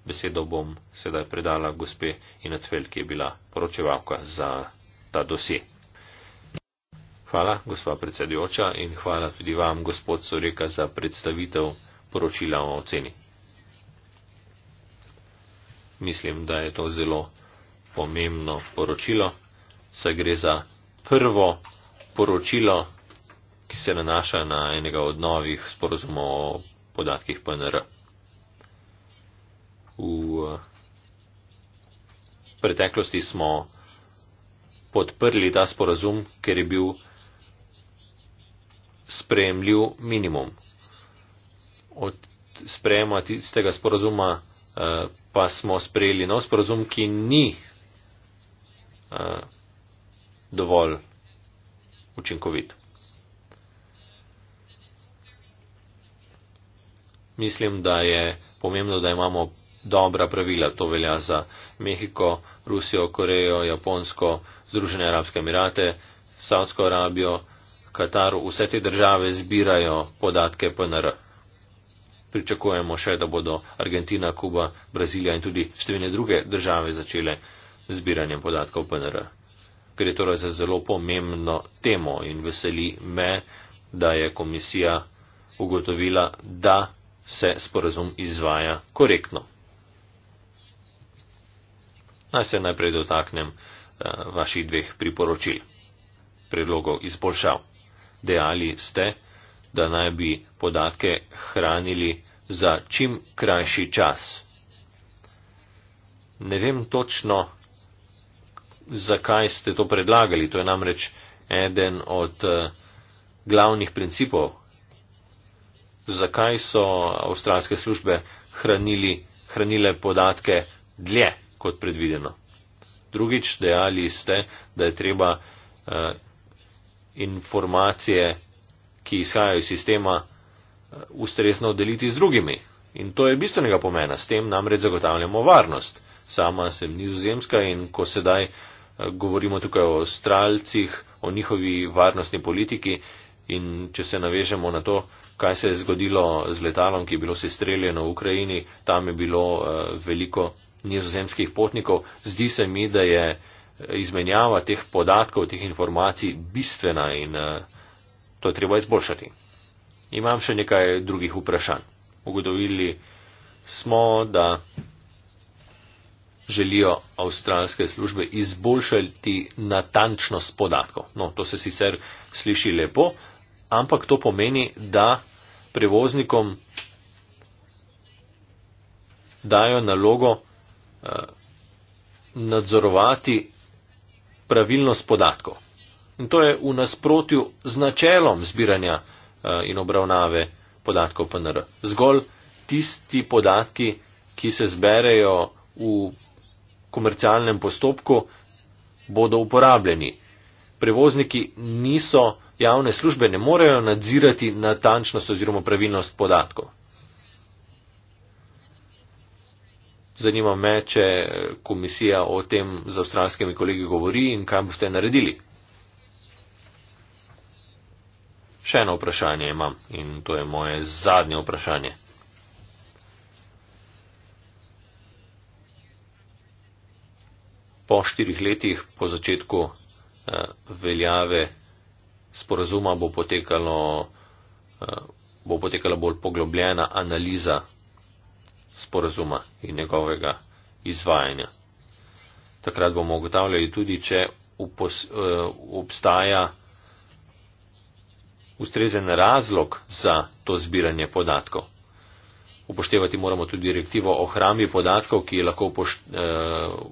Besedo bom sedaj predala gospe Inatfeld, ki je bila poročevalka za ta dosje. Hvala, gospa predsedujoča, in hvala tudi vam, gospod Soreka, za predstavitev poročila o oceni. Mislim, da je to zelo pomembno poročilo, saj gre za prvo poročilo ki se nanaša na enega od novih sporozumov o podatkih PNR. V eh, preteklosti smo podprli ta sporozum, ker je bil sprejemljiv minimum. Od sprejema tistega sporozuma eh, pa smo sprejeli nov sporozum, ki ni eh, dovolj učinkovit. mislim, da je pomembno, da imamo dobra pravila. To velja za Mehiko, Rusijo, Korejo, Japonsko, Združene arabske emirate, Saudsko Arabijo, Katar. Vse te države zbirajo podatke PNR. Pričakujemo še, da bodo Argentina, Kuba, Brazilija in tudi številne druge države začele zbiranjem podatkov PNR. Gre torej za zelo pomembno temo in veseli me, da je komisija ugotovila, da se sporazum izvaja korektno. Naj se najprej dotaknem eh, vaših dveh priporočil. Predlogov izboljšav. Dejali ste, da naj bi podatke hranili za čim krajši čas. Ne vem točno, zakaj ste to predlagali. To je namreč eden od eh, glavnih principov zakaj so avstralske službe hranili, hranile podatke dlje kot predvideno. Drugič, dejali ste, da je treba eh, informacije, ki izhajajo iz sistema, eh, ustrezno deliti z drugimi. In to je bistvenega pomena. S tem namreč zagotavljamo varnost. Sama sem nizozemska in ko sedaj eh, govorimo tukaj o stralcih, o njihovi varnostni politiki, In če se navežemo na to, kaj se je zgodilo z letalom, ki je bilo sestreljeno v Ukrajini, tam je bilo eh, veliko nizozemskih potnikov, zdi se mi, da je eh, izmenjava teh podatkov, teh informacij bistvena in eh, to je treba izboljšati. Imam še nekaj drugih vprašanj. Ugotovili smo, da želijo avstralske službe izboljšati natančnost podatkov. No, to se sicer sliši lepo, ampak to pomeni, da prevoznikom dajo nalogo eh, nadzorovati pravilnost podatkov. In to je v nasprotju z načelom zbiranja eh, in obravnave podatkov PNR. Zgolj tisti podatki, ki se zberejo v komercialnem postopku, bodo uporabljeni. Prevozniki niso javne službe ne morejo nadzirati natančnost oziroma pravilnost podatkov. Zanima me, če komisija o tem z avstralskimi kolegi govori in kaj boste naredili. Še eno vprašanje imam in to je moje zadnje vprašanje. Po štirih letih, po začetku eh, veljave sporazuma bo, potekalo, eh, bo potekala bolj poglobljena analiza sporazuma in njegovega izvajanja. Takrat bomo ugotavljali tudi, če upos, eh, obstaja ustrezen razlog za to zbiranje podatkov. Upoštevati moramo tudi direktivo o hrambi podatkov, ki lahko upošt, uh,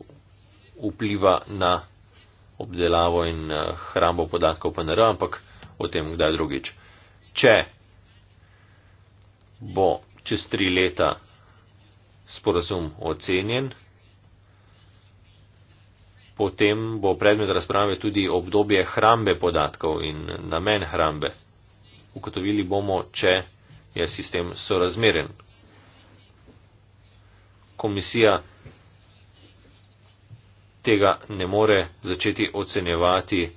vpliva na obdelavo in eh, hrambo podatkov PNR, ampak o tem kdaj drugič. Če bo čez tri leta sporazum ocenjen, potem bo predmet razprave tudi obdobje hrambe podatkov in namen hrambe. Ukotovili bomo, če je sistem sorazmeren. Komisija tega ne more začeti ocenjevati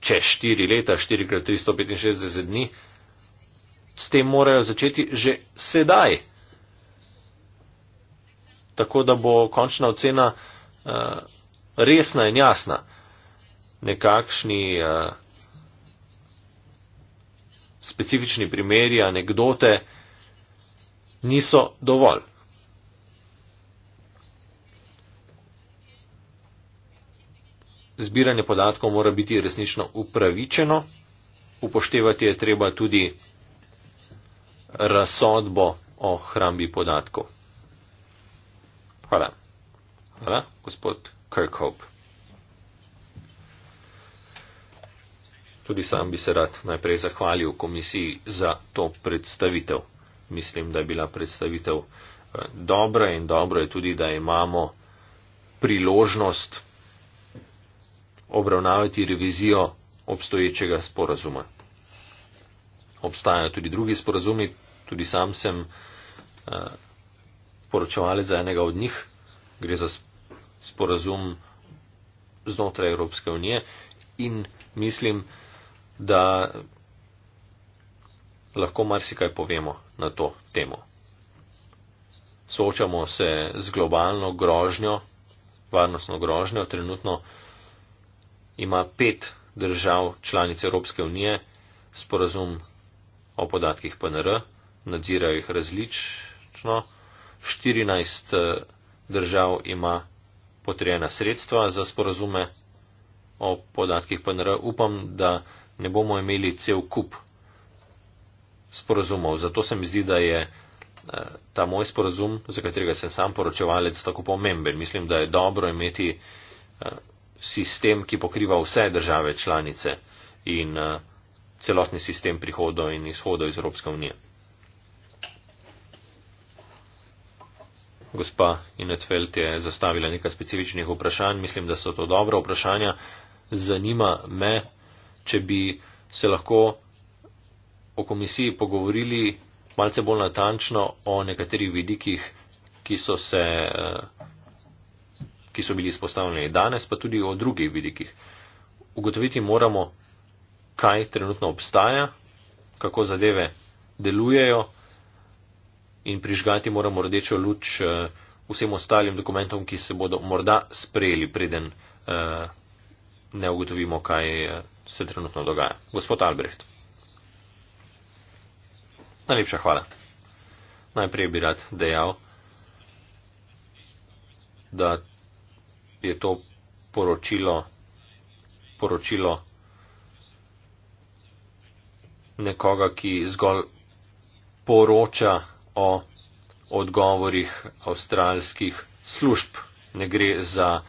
čez 4 leta, 4x365 dni. S tem morajo začeti že sedaj. Tako da bo končna ocena uh, resna in jasna. Nekakšni uh, specifični primeri, anekdote niso dovolj. zbiranje podatkov mora biti resnično upravičeno. Upoštevati je treba tudi razsodbo o hrambi podatkov. Hvala. Hvala, gospod Kirkhope. Tudi sam bi se rad najprej zahvalil komisiji za to predstavitev. Mislim, da je bila predstavitev eh, dobra in dobro je tudi, da imamo priložnost obravnavati revizijo obstoječega sporazuma. Obstajajo tudi drugi sporazumi, tudi sam sem eh, poročevalec za enega od njih, gre za sporazum znotraj Evropske unije in mislim, da lahko marsikaj povemo na to temo. Soočamo se z globalno grožnjo, varnostno grožnjo, trenutno ima pet držav članic Evropske unije sporazum o podatkih PNR, nadzirajo jih različno, 14 eh, držav ima potrejena sredstva za sporazume o podatkih PNR. Upam, da ne bomo imeli cel kup sporazumov. Zato se mi zdi, da je eh, ta moj sporazum, za katerega sem sam poročevalec, tako pomemben. Mislim, da je dobro imeti eh, sistem, ki pokriva vse države članice in eh, celotni sistem prihodov in izhodov iz Evropske unije. Gospa Inetfeld je zastavila nekaj specifičnih vprašanj. Mislim, da so to dobra vprašanja. Zanima me, če bi se lahko o komisiji pogovorili malce bolj natančno o nekaterih vidikih, ki so se eh, ki so bili izpostavljeni danes, pa tudi o drugih vidikih. Ugotoviti moramo, kaj trenutno obstaja, kako zadeve delujejo in prižgati moramo rdečo luč eh, vsem ostalim dokumentom, ki se bodo morda sprejeli, preden eh, ne ugotovimo, kaj eh, se trenutno dogaja. Gospod Albrecht. Najlepša hvala. Najprej bi rad dejal, da je to poročilo, poročilo nekoga, ki zgolj poroča o odgovorih avstralskih služb. Ne gre za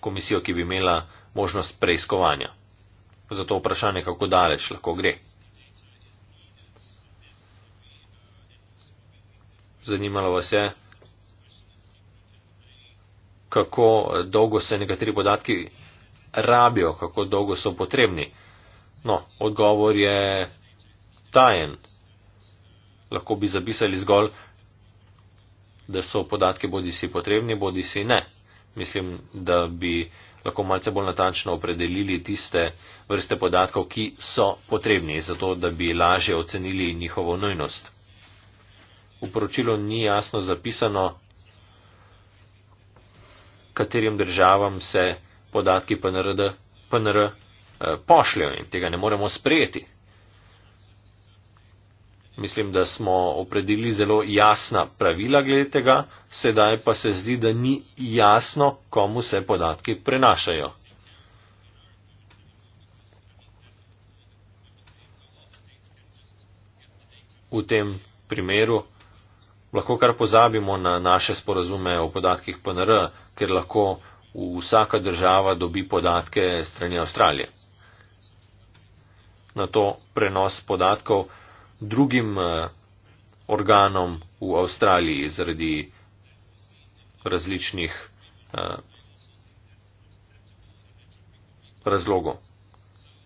komisijo, ki bi imela možnost preiskovanja. Zato vprašanje, kako daleč lahko gre. Zanimalo vas je, kako dolgo se nekateri podatki rabijo, kako dolgo so potrebni. No, odgovor je tajen. Lahko bi zapisali zgolj, da so podatki bodi si potrebni, bodi si ne. Mislim, da bi lahko malce bolj natančno opredelili tiste vrste podatkov, ki so potrebni, zato da bi lažje ocenili njihovo nujnost. V poročilu ni jasno zapisano, katerim državam se podatki PNR, PNR eh, pošljajo in tega ne moremo sprejeti. Mislim, da smo opredelili zelo jasna pravila glede tega, sedaj pa se zdi, da ni jasno, komu se podatki prenašajo. V tem primeru lahko kar pozabimo na naše sporazume o podatkih PNR, ker lahko vsaka država dobi podatke strani Avstralije. Na to prenos podatkov drugim eh, organom v Avstraliji zaradi različnih eh, razlogov.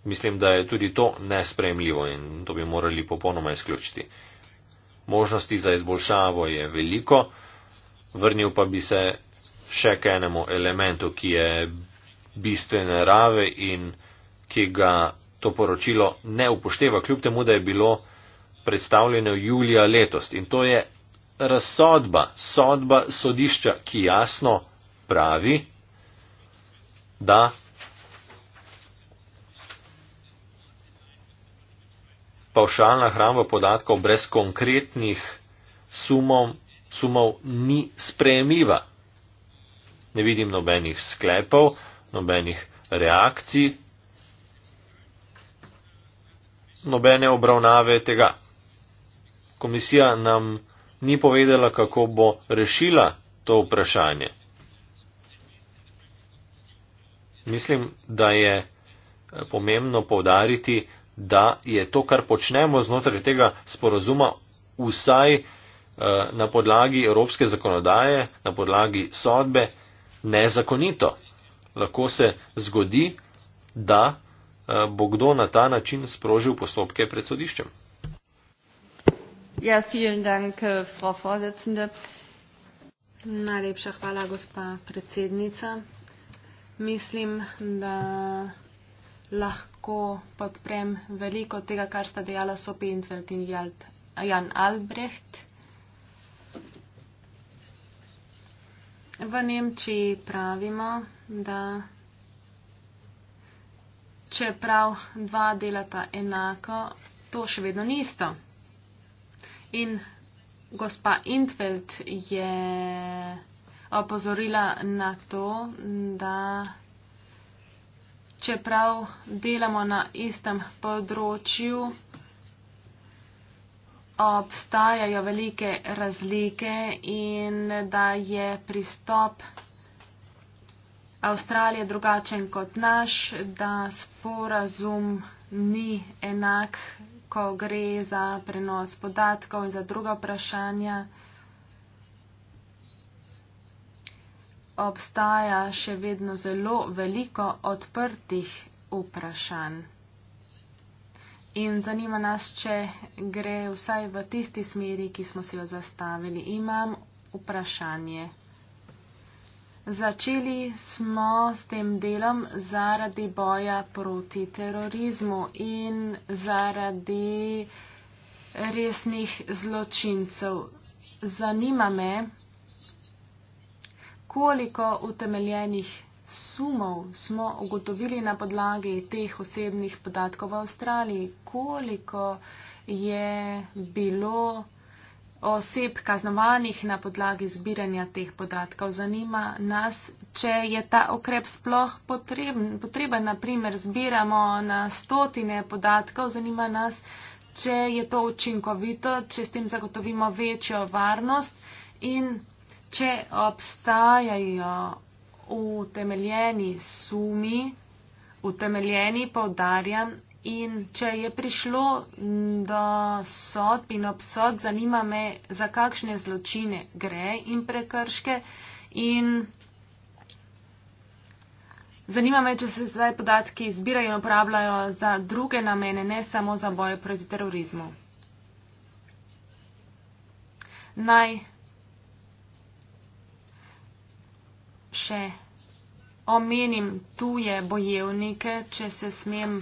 Mislim, da je tudi to nespremljivo in to bi morali popolnoma izključiti možnosti za izboljšavo je veliko, vrnil pa bi se še k enemu elementu, ki je bistvene rave in ki ga to poročilo ne upošteva, kljub temu, da je bilo predstavljeno julija letos. In to je razsodba, sodba sodišča, ki jasno pravi, da pavšalna hramba podatkov brez konkretnih sumov, sumov ni sprejemljiva. Ne vidim nobenih sklepov, nobenih reakcij, nobene obravnave tega. Komisija nam ni povedala, kako bo rešila to vprašanje. Mislim, da je pomembno povdariti, da je to, kar počnemo znotraj tega sporozuma, vsaj eh, na podlagi evropske zakonodaje, na podlagi sodbe, nezakonito. Lahko se zgodi, da eh, bo kdo na ta način sprožil postopke pred sodiščem. Ja, vielen Dank, eh, Frau Vorsitzende. Najlepša hvala, gospa predsednica. Mislim, da lahko podprem veliko tega, kar sta dejala Sophie Infeld in Jan Albrecht. V Nemčiji pravimo, da čeprav dva delata enako, to še vedno ni isto. In gospa Intveld je opozorila na to, da čeprav delamo na istem področju, obstajajo velike razlike in da je pristop Avstralije drugačen kot naš, da sporazum ni enak, ko gre za prenos podatkov in za druga vprašanja. obstaja še vedno zelo veliko odprtih vprašanj. In zanima nas, če gre vsaj v tisti smeri, ki smo si jo zastavili. Imam vprašanje. Začeli smo s tem delom zaradi boja proti terorizmu in zaradi resnih zločincev. Zanima me, koliko utemeljenih sumov smo ugotovili na podlagi teh osebnih podatkov v Avstraliji, koliko je bilo oseb kaznovanih na podlagi zbiranja teh podatkov. Zanima nas, če je ta okrep sploh potreben. potreben naprimer, zbiramo na stotine podatkov, zanima nas, če je to učinkovito, če s tem zagotovimo večjo varnost in če obstajajo utemeljeni sumi, utemeljeni povdarjam, in če je prišlo do sodb in obsod, zanima me, za kakšne zločine gre in prekrške. In Zanima me, če se zdaj podatki zbirajo in uporabljajo za druge namene, ne samo za boje proti terorizmu. Naj še omenim tuje bojevnike, če se smem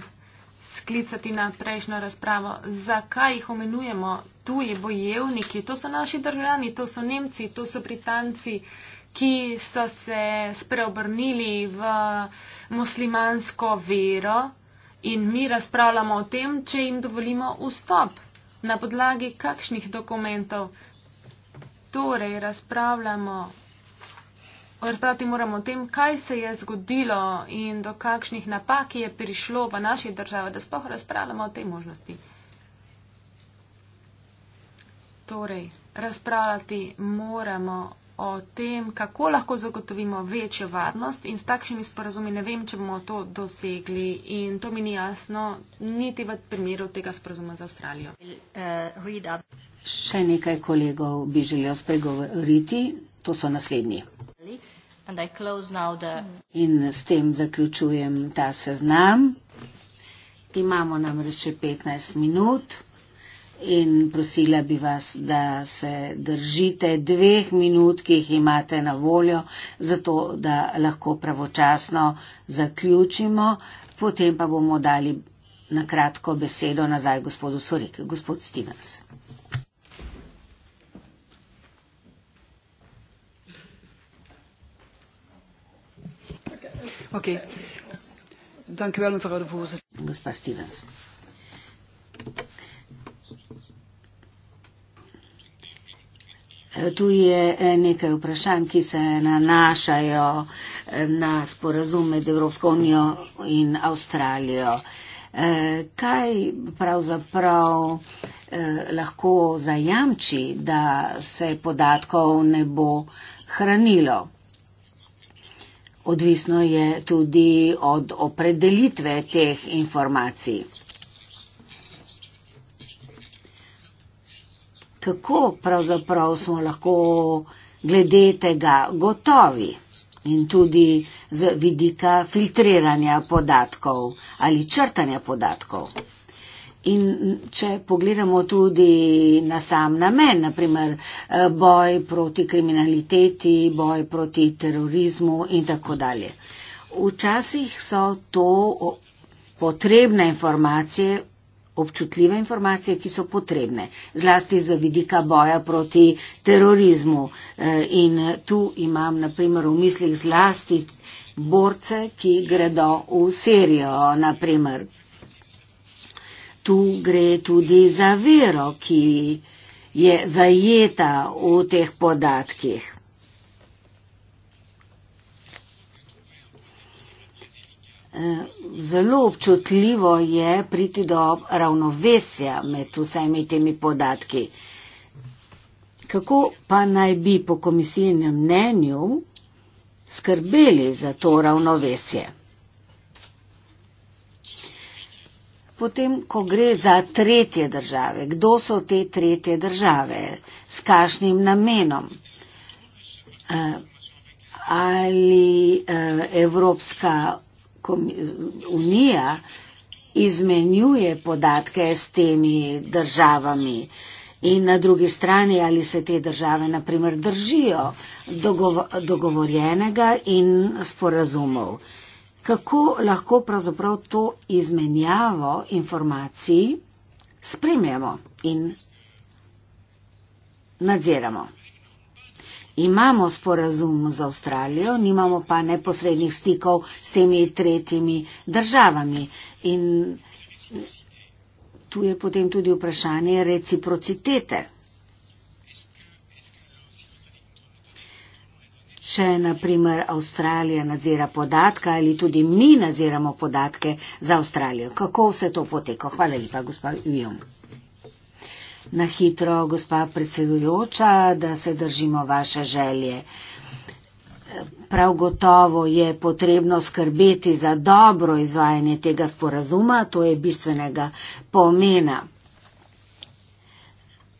sklicati na prejšnjo razpravo. Zakaj jih omenujemo tuji bojevniki? To so naši državljani, to so Nemci, to so Britanci, ki so se spreobrnili v muslimansko vero in mi razpravljamo o tem, če jim dovolimo vstop. Na podlagi kakšnih dokumentov torej razpravljamo razpravljati moramo o tem, kaj se je zgodilo in do kakšnih napak je prišlo v naši državi, da spoh razpravljamo o tej možnosti. Torej, razpravljati moramo o tem, kako lahko zagotovimo večjo varnost in s takšnimi sporazumi ne vem, če bomo to dosegli in to mi ni jasno, niti v primeru tega sporazuma za Avstralijo. Uh, Še nekaj kolegov bi želel spregovoriti, to so naslednji. In s tem zaključujem ta seznam. Imamo namreč še 15 minut in prosila bi vas, da se držite dveh minut, ki jih imate na voljo, zato da lahko pravočasno zaključimo. Potem pa bomo dali na kratko besedo nazaj gospodu Soreke, gospod Stevens. Oké. Okay. Dank u wel, mevrouw de voorzitter. Mevrouw Stevens. Tu je eh, nekaj vprašanj, ki se nanašajo eh, na sporazum med Evropsko unijo in Avstralijo. Eh, kaj pravzaprav lahko zajamči, da se podatkov ne bo hranilo? Odvisno je tudi od opredelitve teh informacij. Kako pravzaprav smo lahko glede tega gotovi in tudi z vidika filtriranja podatkov ali črtanja podatkov? In če pogledamo tudi na sam namen, naprimer eh, boj proti kriminaliteti, boj proti terorizmu in tako dalje. Včasih so to potrebne informacije, občutljive informacije, ki so potrebne, zlasti za vidika boja proti terorizmu. Eh, in tu imam naprimer v mislih zlasti borce, ki gredo v Sirijo, naprimer tu gre tudi za vero, ki je zajeta v teh podatkih. Zelo občutljivo je priti do ravnovesja med vsemi temi podatki. Kako pa naj bi po komisijnem mnenju skrbeli za to ravnovesje? Potem, ko gre za tretje države, kdo so te tretje države, s kašnim namenom? Eh, ali eh, Evropska unija izmenjuje podatke s temi državami? In na drugi strani, ali se te države, na primer, držijo dogovorjenega in sporazumov kako lahko pravzaprav to izmenjavo informacij spremljamo in nadziramo. Imamo sporazum z Avstralijo, nimamo pa neposrednih stikov s temi tretjimi državami. In tu je potem tudi vprašanje reciprocitete. Če naprimer Avstralija nadzira podatke ali tudi mi nadziramo podatke za Avstralijo, kako se to poteka? Hvala lepa, gospa Ujom. Na hitro, gospa predsedujoča, da se držimo vaše želje. Prav gotovo je potrebno skrbeti za dobro izvajanje tega sporazuma, to je bistvenega pomena.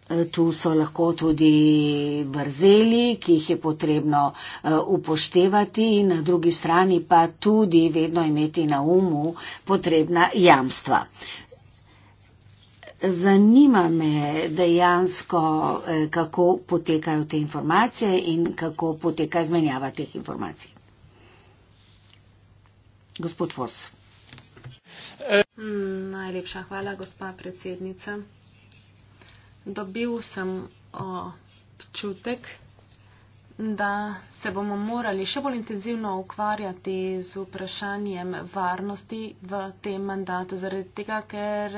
Eh, tu so lahko tudi vrzeli, ki jih je potrebno eh, upoštevati in na drugi strani pa tudi vedno imeti na umu potrebna jamstva. Zanima me dejansko, eh, kako potekajo te informacije in kako poteka izmenjava teh informacij. Gospod Vos. Najlepša hvala, gospa predsednica dobil sem občutek, da se bomo morali še bolj intenzivno ukvarjati z vprašanjem varnosti v tem mandatu, zaradi tega, ker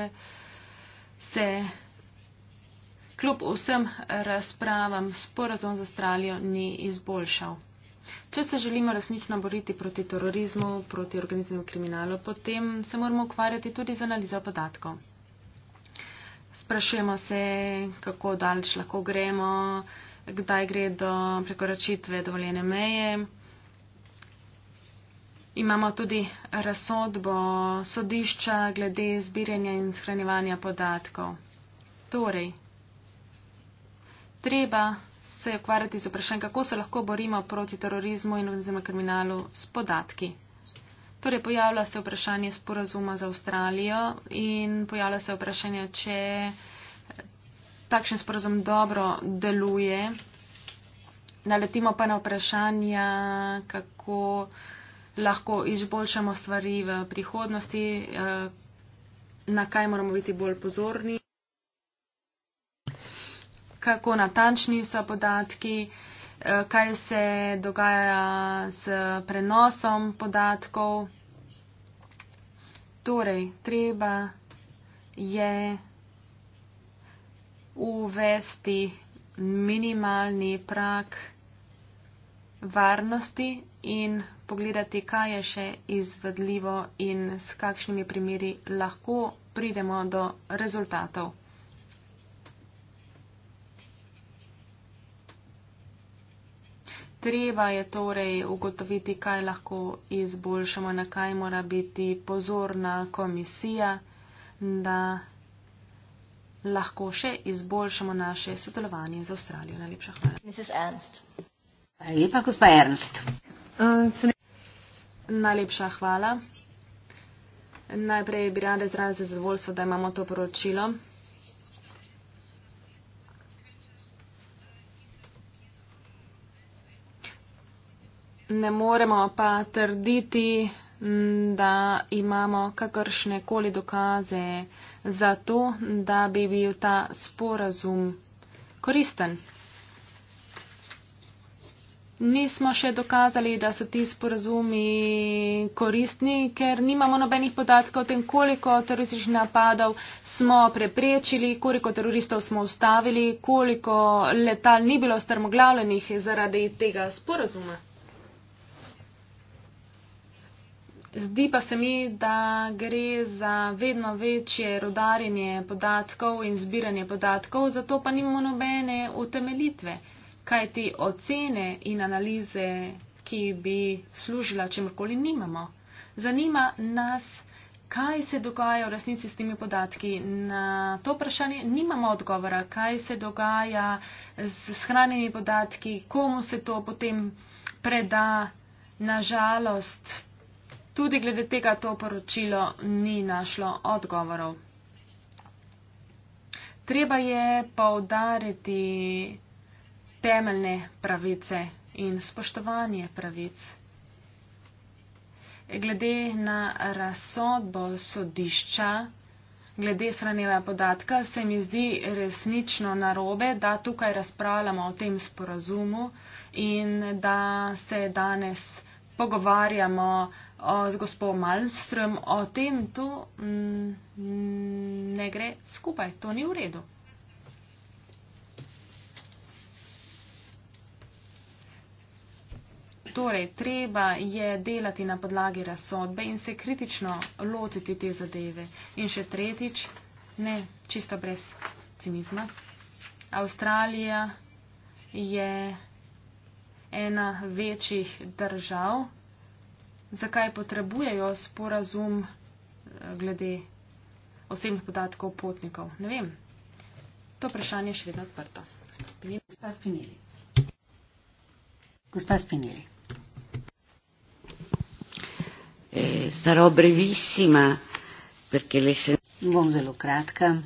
se kljub vsem razpravam sporazum z Australijo ni izboljšal. Če se želimo resnično boriti proti terorizmu, proti organiziranemu kriminalu, potem se moramo ukvarjati tudi z analizo podatkov sprašujemo se, kako daleč lahko gremo, kdaj gre do prekoračitve dovoljene meje. Imamo tudi razsodbo sodišča glede zbiranja in shranjevanja podatkov. Torej, treba se ukvarjati z vprašanjem, kako se lahko borimo proti terorizmu in organiziranemu kriminalu s podatki. Torej, pojavlja se vprašanje sporazuma za Avstralijo in pojavlja se vprašanje, če takšen sporazum dobro deluje. Naletimo pa na vprašanja, kako lahko izboljšamo stvari v prihodnosti, eh, na kaj moramo biti bolj pozorni, kako natančni so podatki. Eh, kaj se dogaja s prenosom podatkov. Torej, treba je uvesti minimalni prak varnosti in pogledati, kaj je še izvedljivo in s kakšnimi primeri lahko pridemo do rezultatov. Treba je torej ugotoviti, kaj lahko izboljšamo, na kaj mora biti pozorna komisija, da lahko še izboljšamo naše sodelovanje z Avstralijo. Najlepša hvala. Lepa, Ernst. Um, Najlepša hvala. Najprej bi rada izrazila zadovoljstvo, da imamo to poročilo. ne moremo pa trditi, da imamo kakršne koli dokaze za to, da bi bil ta sporazum koristen. Nismo še dokazali, da so ti sporazumi koristni, ker nimamo nobenih podatkov o tem, koliko terorističnih napadov smo preprečili, koliko teroristov smo ustavili, koliko letal ni bilo strmoglavljenih zaradi tega sporazuma. Zdi pa se mi, da gre za vedno večje rodarjenje podatkov in zbiranje podatkov, zato pa nimamo nobene utemelitve, kaj ti ocene in analize, ki bi služila, če mrkoli nimamo. Zanima nas, kaj se dogaja v resnici s temi podatki. Na to vprašanje nimamo odgovora, kaj se dogaja z shranjenimi podatki, komu se to potem preda. Nažalost, Tudi glede tega to poročilo ni našlo odgovorov. Treba je poudariti temeljne pravice in spoštovanje pravic. Glede na razsodbo sodišča, glede sranjeva podatka, se mi zdi resnično narobe, da tukaj razpravljamo o tem sporazumu in da se danes pogovarjamo o o, z gospo Malmström o tem, to mm, ne gre skupaj, to ni v redu. Torej, treba je delati na podlagi razsodbe in se kritično lotiti te zadeve. In še tretjič, ne čisto brez cinizma, Avstralija je ena večjih držav zakaj potrebujejo sporazum eh, glede osebnih podatkov potnikov. Ne vem. To vprašanje je še vedno odprto. Gospa Spinelli. Gospa Spinelli. Eh, sarò brevissima perché le sen- Bom zelo kratka.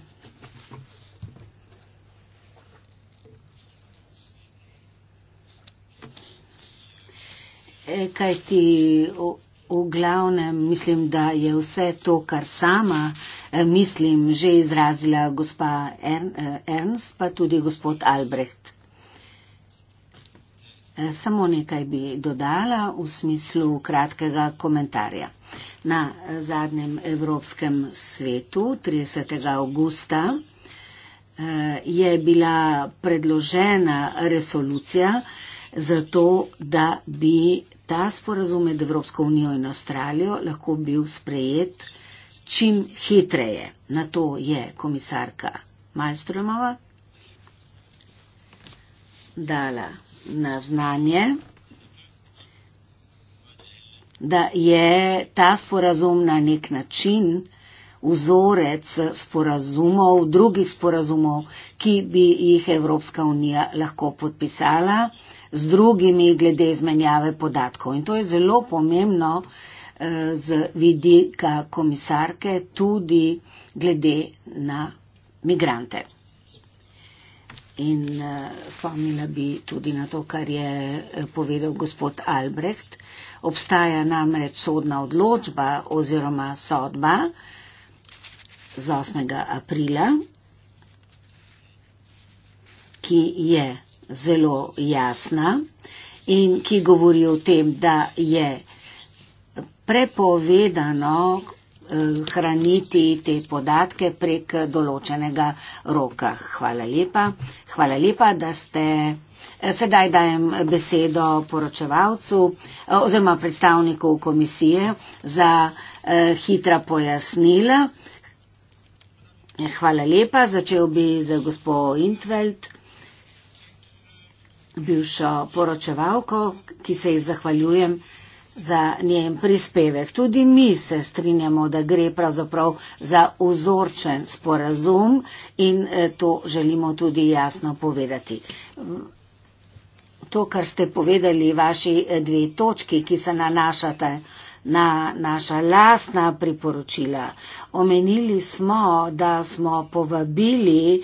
kaj ti v, v glavnem mislim, da je vse to, kar sama eh, mislim, že izrazila gospa eh, Ernst, pa tudi gospod Albrecht. Eh, samo nekaj bi dodala v smislu kratkega komentarja. Na zadnjem Evropskem svetu 30. augusta je bila predložena resolucija za to, da bi ta sporazum med Evropsko unijo in Avstralijo lahko bil sprejet čim hitreje. Na to je komisarka Malstromova dala na znanje, da je ta sporazum na nek način vzorec sporazumov, drugih sporazumov, ki bi jih Evropska unija lahko podpisala z drugimi glede izmenjave podatkov. In to je zelo pomembno eh, z vidika komisarke tudi glede na migrante. In eh, spomnila bi tudi na to, kar je eh, povedal gospod Albrecht. Obstaja namreč sodna odločba oziroma sodba z 8. aprila, ki je zelo jasna in ki govori o tem, da je prepovedano eh, hraniti te podatke prek določenega roka. Hvala lepa. Hvala lepa, da ste. Eh, sedaj dajem besedo poročevalcu eh, oziroma predstavniku komisije za hitra pojasnila. Hvala lepa. Začel bi z gospod Intveld bivšo poročevalko, ki se ji zahvaljujem za njen prispevek. Tudi mi se strinjamo, da gre pravzaprav za vzorčen sporazum in eh, to želimo tudi jasno povedati. To, kar ste povedali, vaši eh, dve točki, ki se nanašate na naša lastna priporočila. Omenili smo, da smo povabili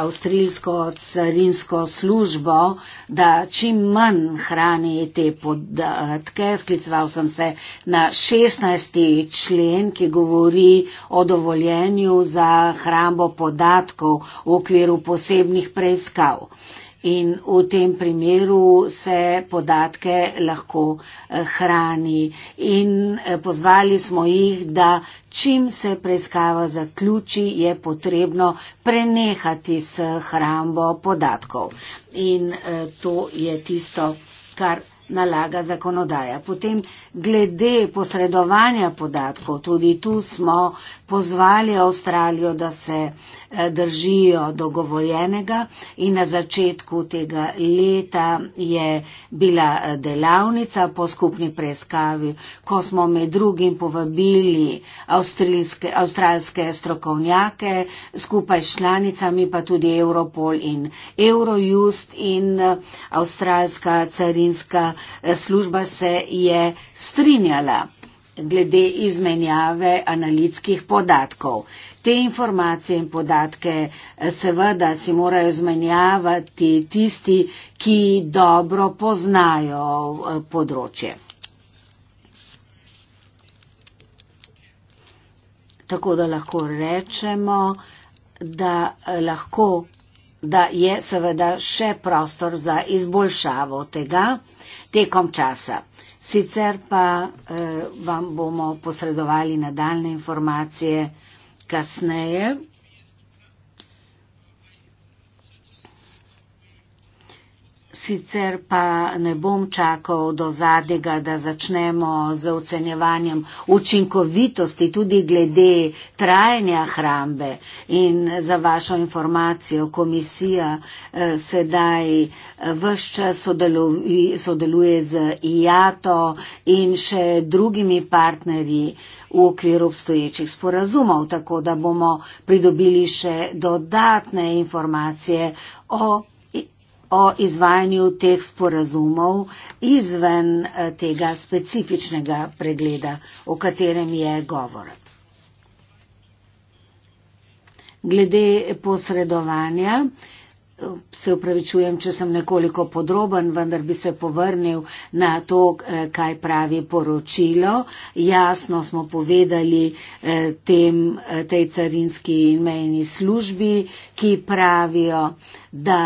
avstrijsko carinsko službo, da čim manj hrani te podatke. Skliceval sem se na 16. člen, ki govori o dovoljenju za hrambo podatkov v okviru posebnih preiskav in v tem primeru se podatke lahko eh, hrani. In eh, pozvali smo jih, da čim se preiskava zaključi, je potrebno prenehati s hrambo podatkov. In eh, to je tisto, kar nalaga zakonodaja. Potem glede posredovanja podatkov, tudi tu smo pozvali Avstralijo, da se eh, držijo dogovorjenega in na začetku tega leta je bila eh, delavnica po skupni preiskavi, ko smo med drugim povabili avstralske strokovnjake skupaj s članicami, pa tudi Europol in Eurojust in eh, avstralska carinska Eh, služba se je strinjala glede izmenjave analitskih podatkov. Te informacije in podatke eh, seveda si morajo izmenjavati tisti, ki dobro poznajo eh, področje. Tako da lahko rečemo, da lahko da je seveda še prostor za izboljšavo tega tekom časa. Sicer pa eh, vam bomo posredovali nadaljne informacije kasneje. sicer pa ne bom čakal do zadnjega, da začnemo z ocenjevanjem učinkovitosti tudi glede trajanja hrambe. In za vašo informacijo, komisija eh, sedaj eh, vse čas sodeluje, sodeluje z IATO in še drugimi partnerji v okviru obstoječih sporazumov, tako da bomo pridobili še dodatne informacije o o izvajanju teh sporazumov izven eh, tega specifičnega pregleda, o katerem je govor. Glede posredovanja, eh, se upravičujem, če sem nekoliko podroben, vendar bi se povrnil na to, eh, kaj pravi poročilo. Jasno smo povedali tem, tej carinski in mejni službi, ki pravijo, da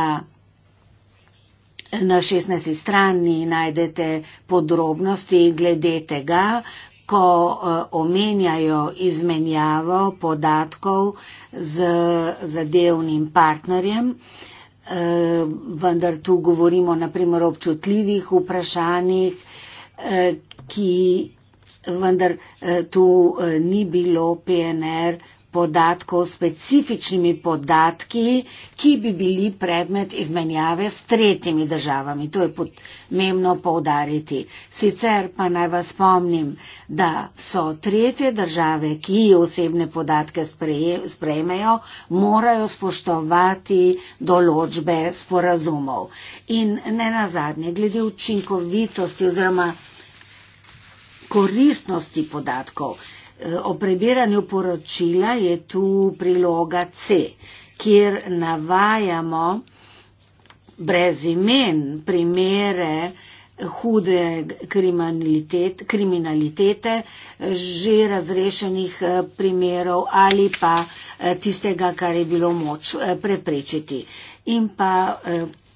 Na 16. strani najdete podrobnosti glede tega, ko eh, omenjajo izmenjavo podatkov z zadevnim partnerjem, eh, vendar tu govorimo naprimer o občutljivih vprašanjih, eh, ki vendar tu ni bilo PNR podatkov, specifičnimi podatki, ki bi bili predmet izmenjave s tretjimi državami. To je pomembno povdariti. Sicer pa naj vas spomnim, da so tretje države, ki osebne podatke sprejmejo, morajo spoštovati določbe sporazumov. In ne nazadnje, glede učinkovitosti oziroma koristnosti podatkov. O prebiranju poročila je tu priloga C, kjer navajamo brez imen primere hude kriminalitet, kriminalitete, že razrešenih eh, primerov ali pa eh, tistega, kar je bilo moč eh, preprečiti. In pa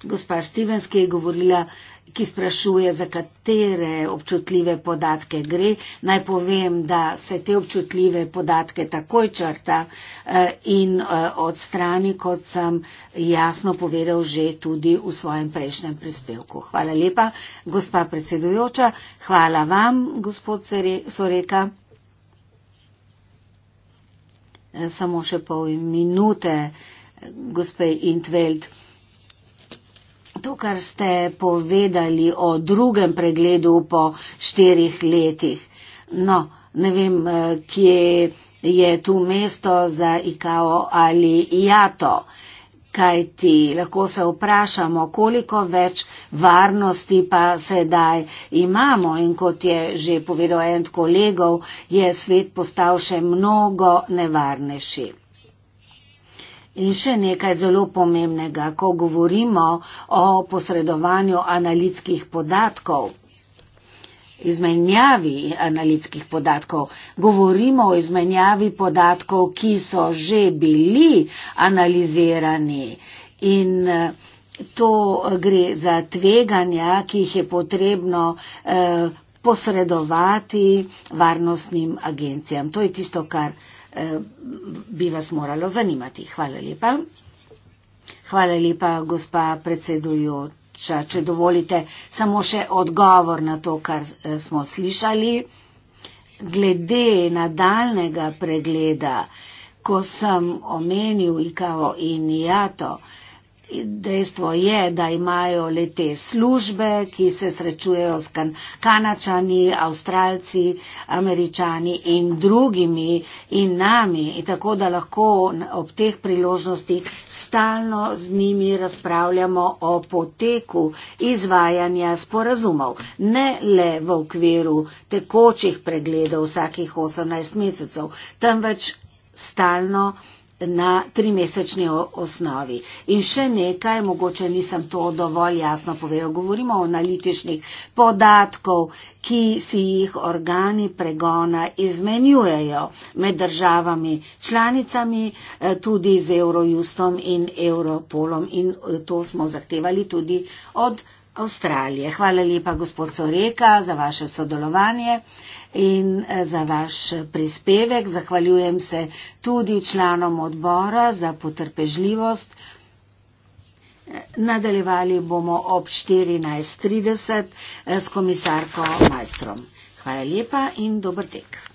gospa Stevens, ki je govorila, ki sprašuje, za katere občutljive podatke gre. Naj povem, da se te občutljive podatke takoj črta eh, in eh, odstrani, kot sem jasno povedal že tudi v svojem prejšnjem prispevku. Hvala lepa, gospa predsedujoča. Hvala vam, gospod Soreka. Eh, samo še pol minute, gospe Intveld. To, kar ste povedali o drugem pregledu po štirih letih. No, ne vem, eh, kje je tu mesto za IKO ali JATO, kaj ti lahko se vprašamo, koliko več varnosti pa sedaj imamo in kot je že povedal en kolegov, je svet postal še mnogo nevarnejši. In še nekaj zelo pomembnega, ko govorimo o posredovanju analitskih podatkov, izmenjavi analitskih podatkov, govorimo o izmenjavi podatkov, ki so že bili analizirani in eh, to gre za tveganja, ki jih je potrebno eh, posredovati varnostnim agencijam. To je tisto, kar bi vas moralo zanimati. Hvala lepa. Hvala lepa, gospa predsedujoča. Če dovolite, samo še odgovor na to, kar eh, smo slišali. Glede nadaljnega pregleda, ko sem omenil Ikavo in Jato, uh, Dejstvo je, da imajo le te službe, ki se srečujejo s kan kanačani, avstralci, američani in drugimi in nami, tako da lahko ob teh priložnostih stalno z njimi razpravljamo o poteku izvajanja sporazumov, ne le v okviru tekočih pregledov vsakih 18 mesecev, temveč stalno na trimesečni osnovi. In še nekaj, mogoče nisem to dovolj jasno povedal, govorimo o analitičnih podatkov, ki si jih organi pregona izmenjujejo med državami članicami, eh, tudi z Eurojustom in Europolom in eh, to smo zahtevali tudi od Avstralije. Hvala lepa, gospod Soreka, za vaše sodelovanje in eh, za vaš prispevek. Zahvaljujem se tudi članom odbora za potrpežljivost. Eh, nadaljevali bomo ob 14.30 eh, s komisarko Majstrom. Hvala lepa in dober tek.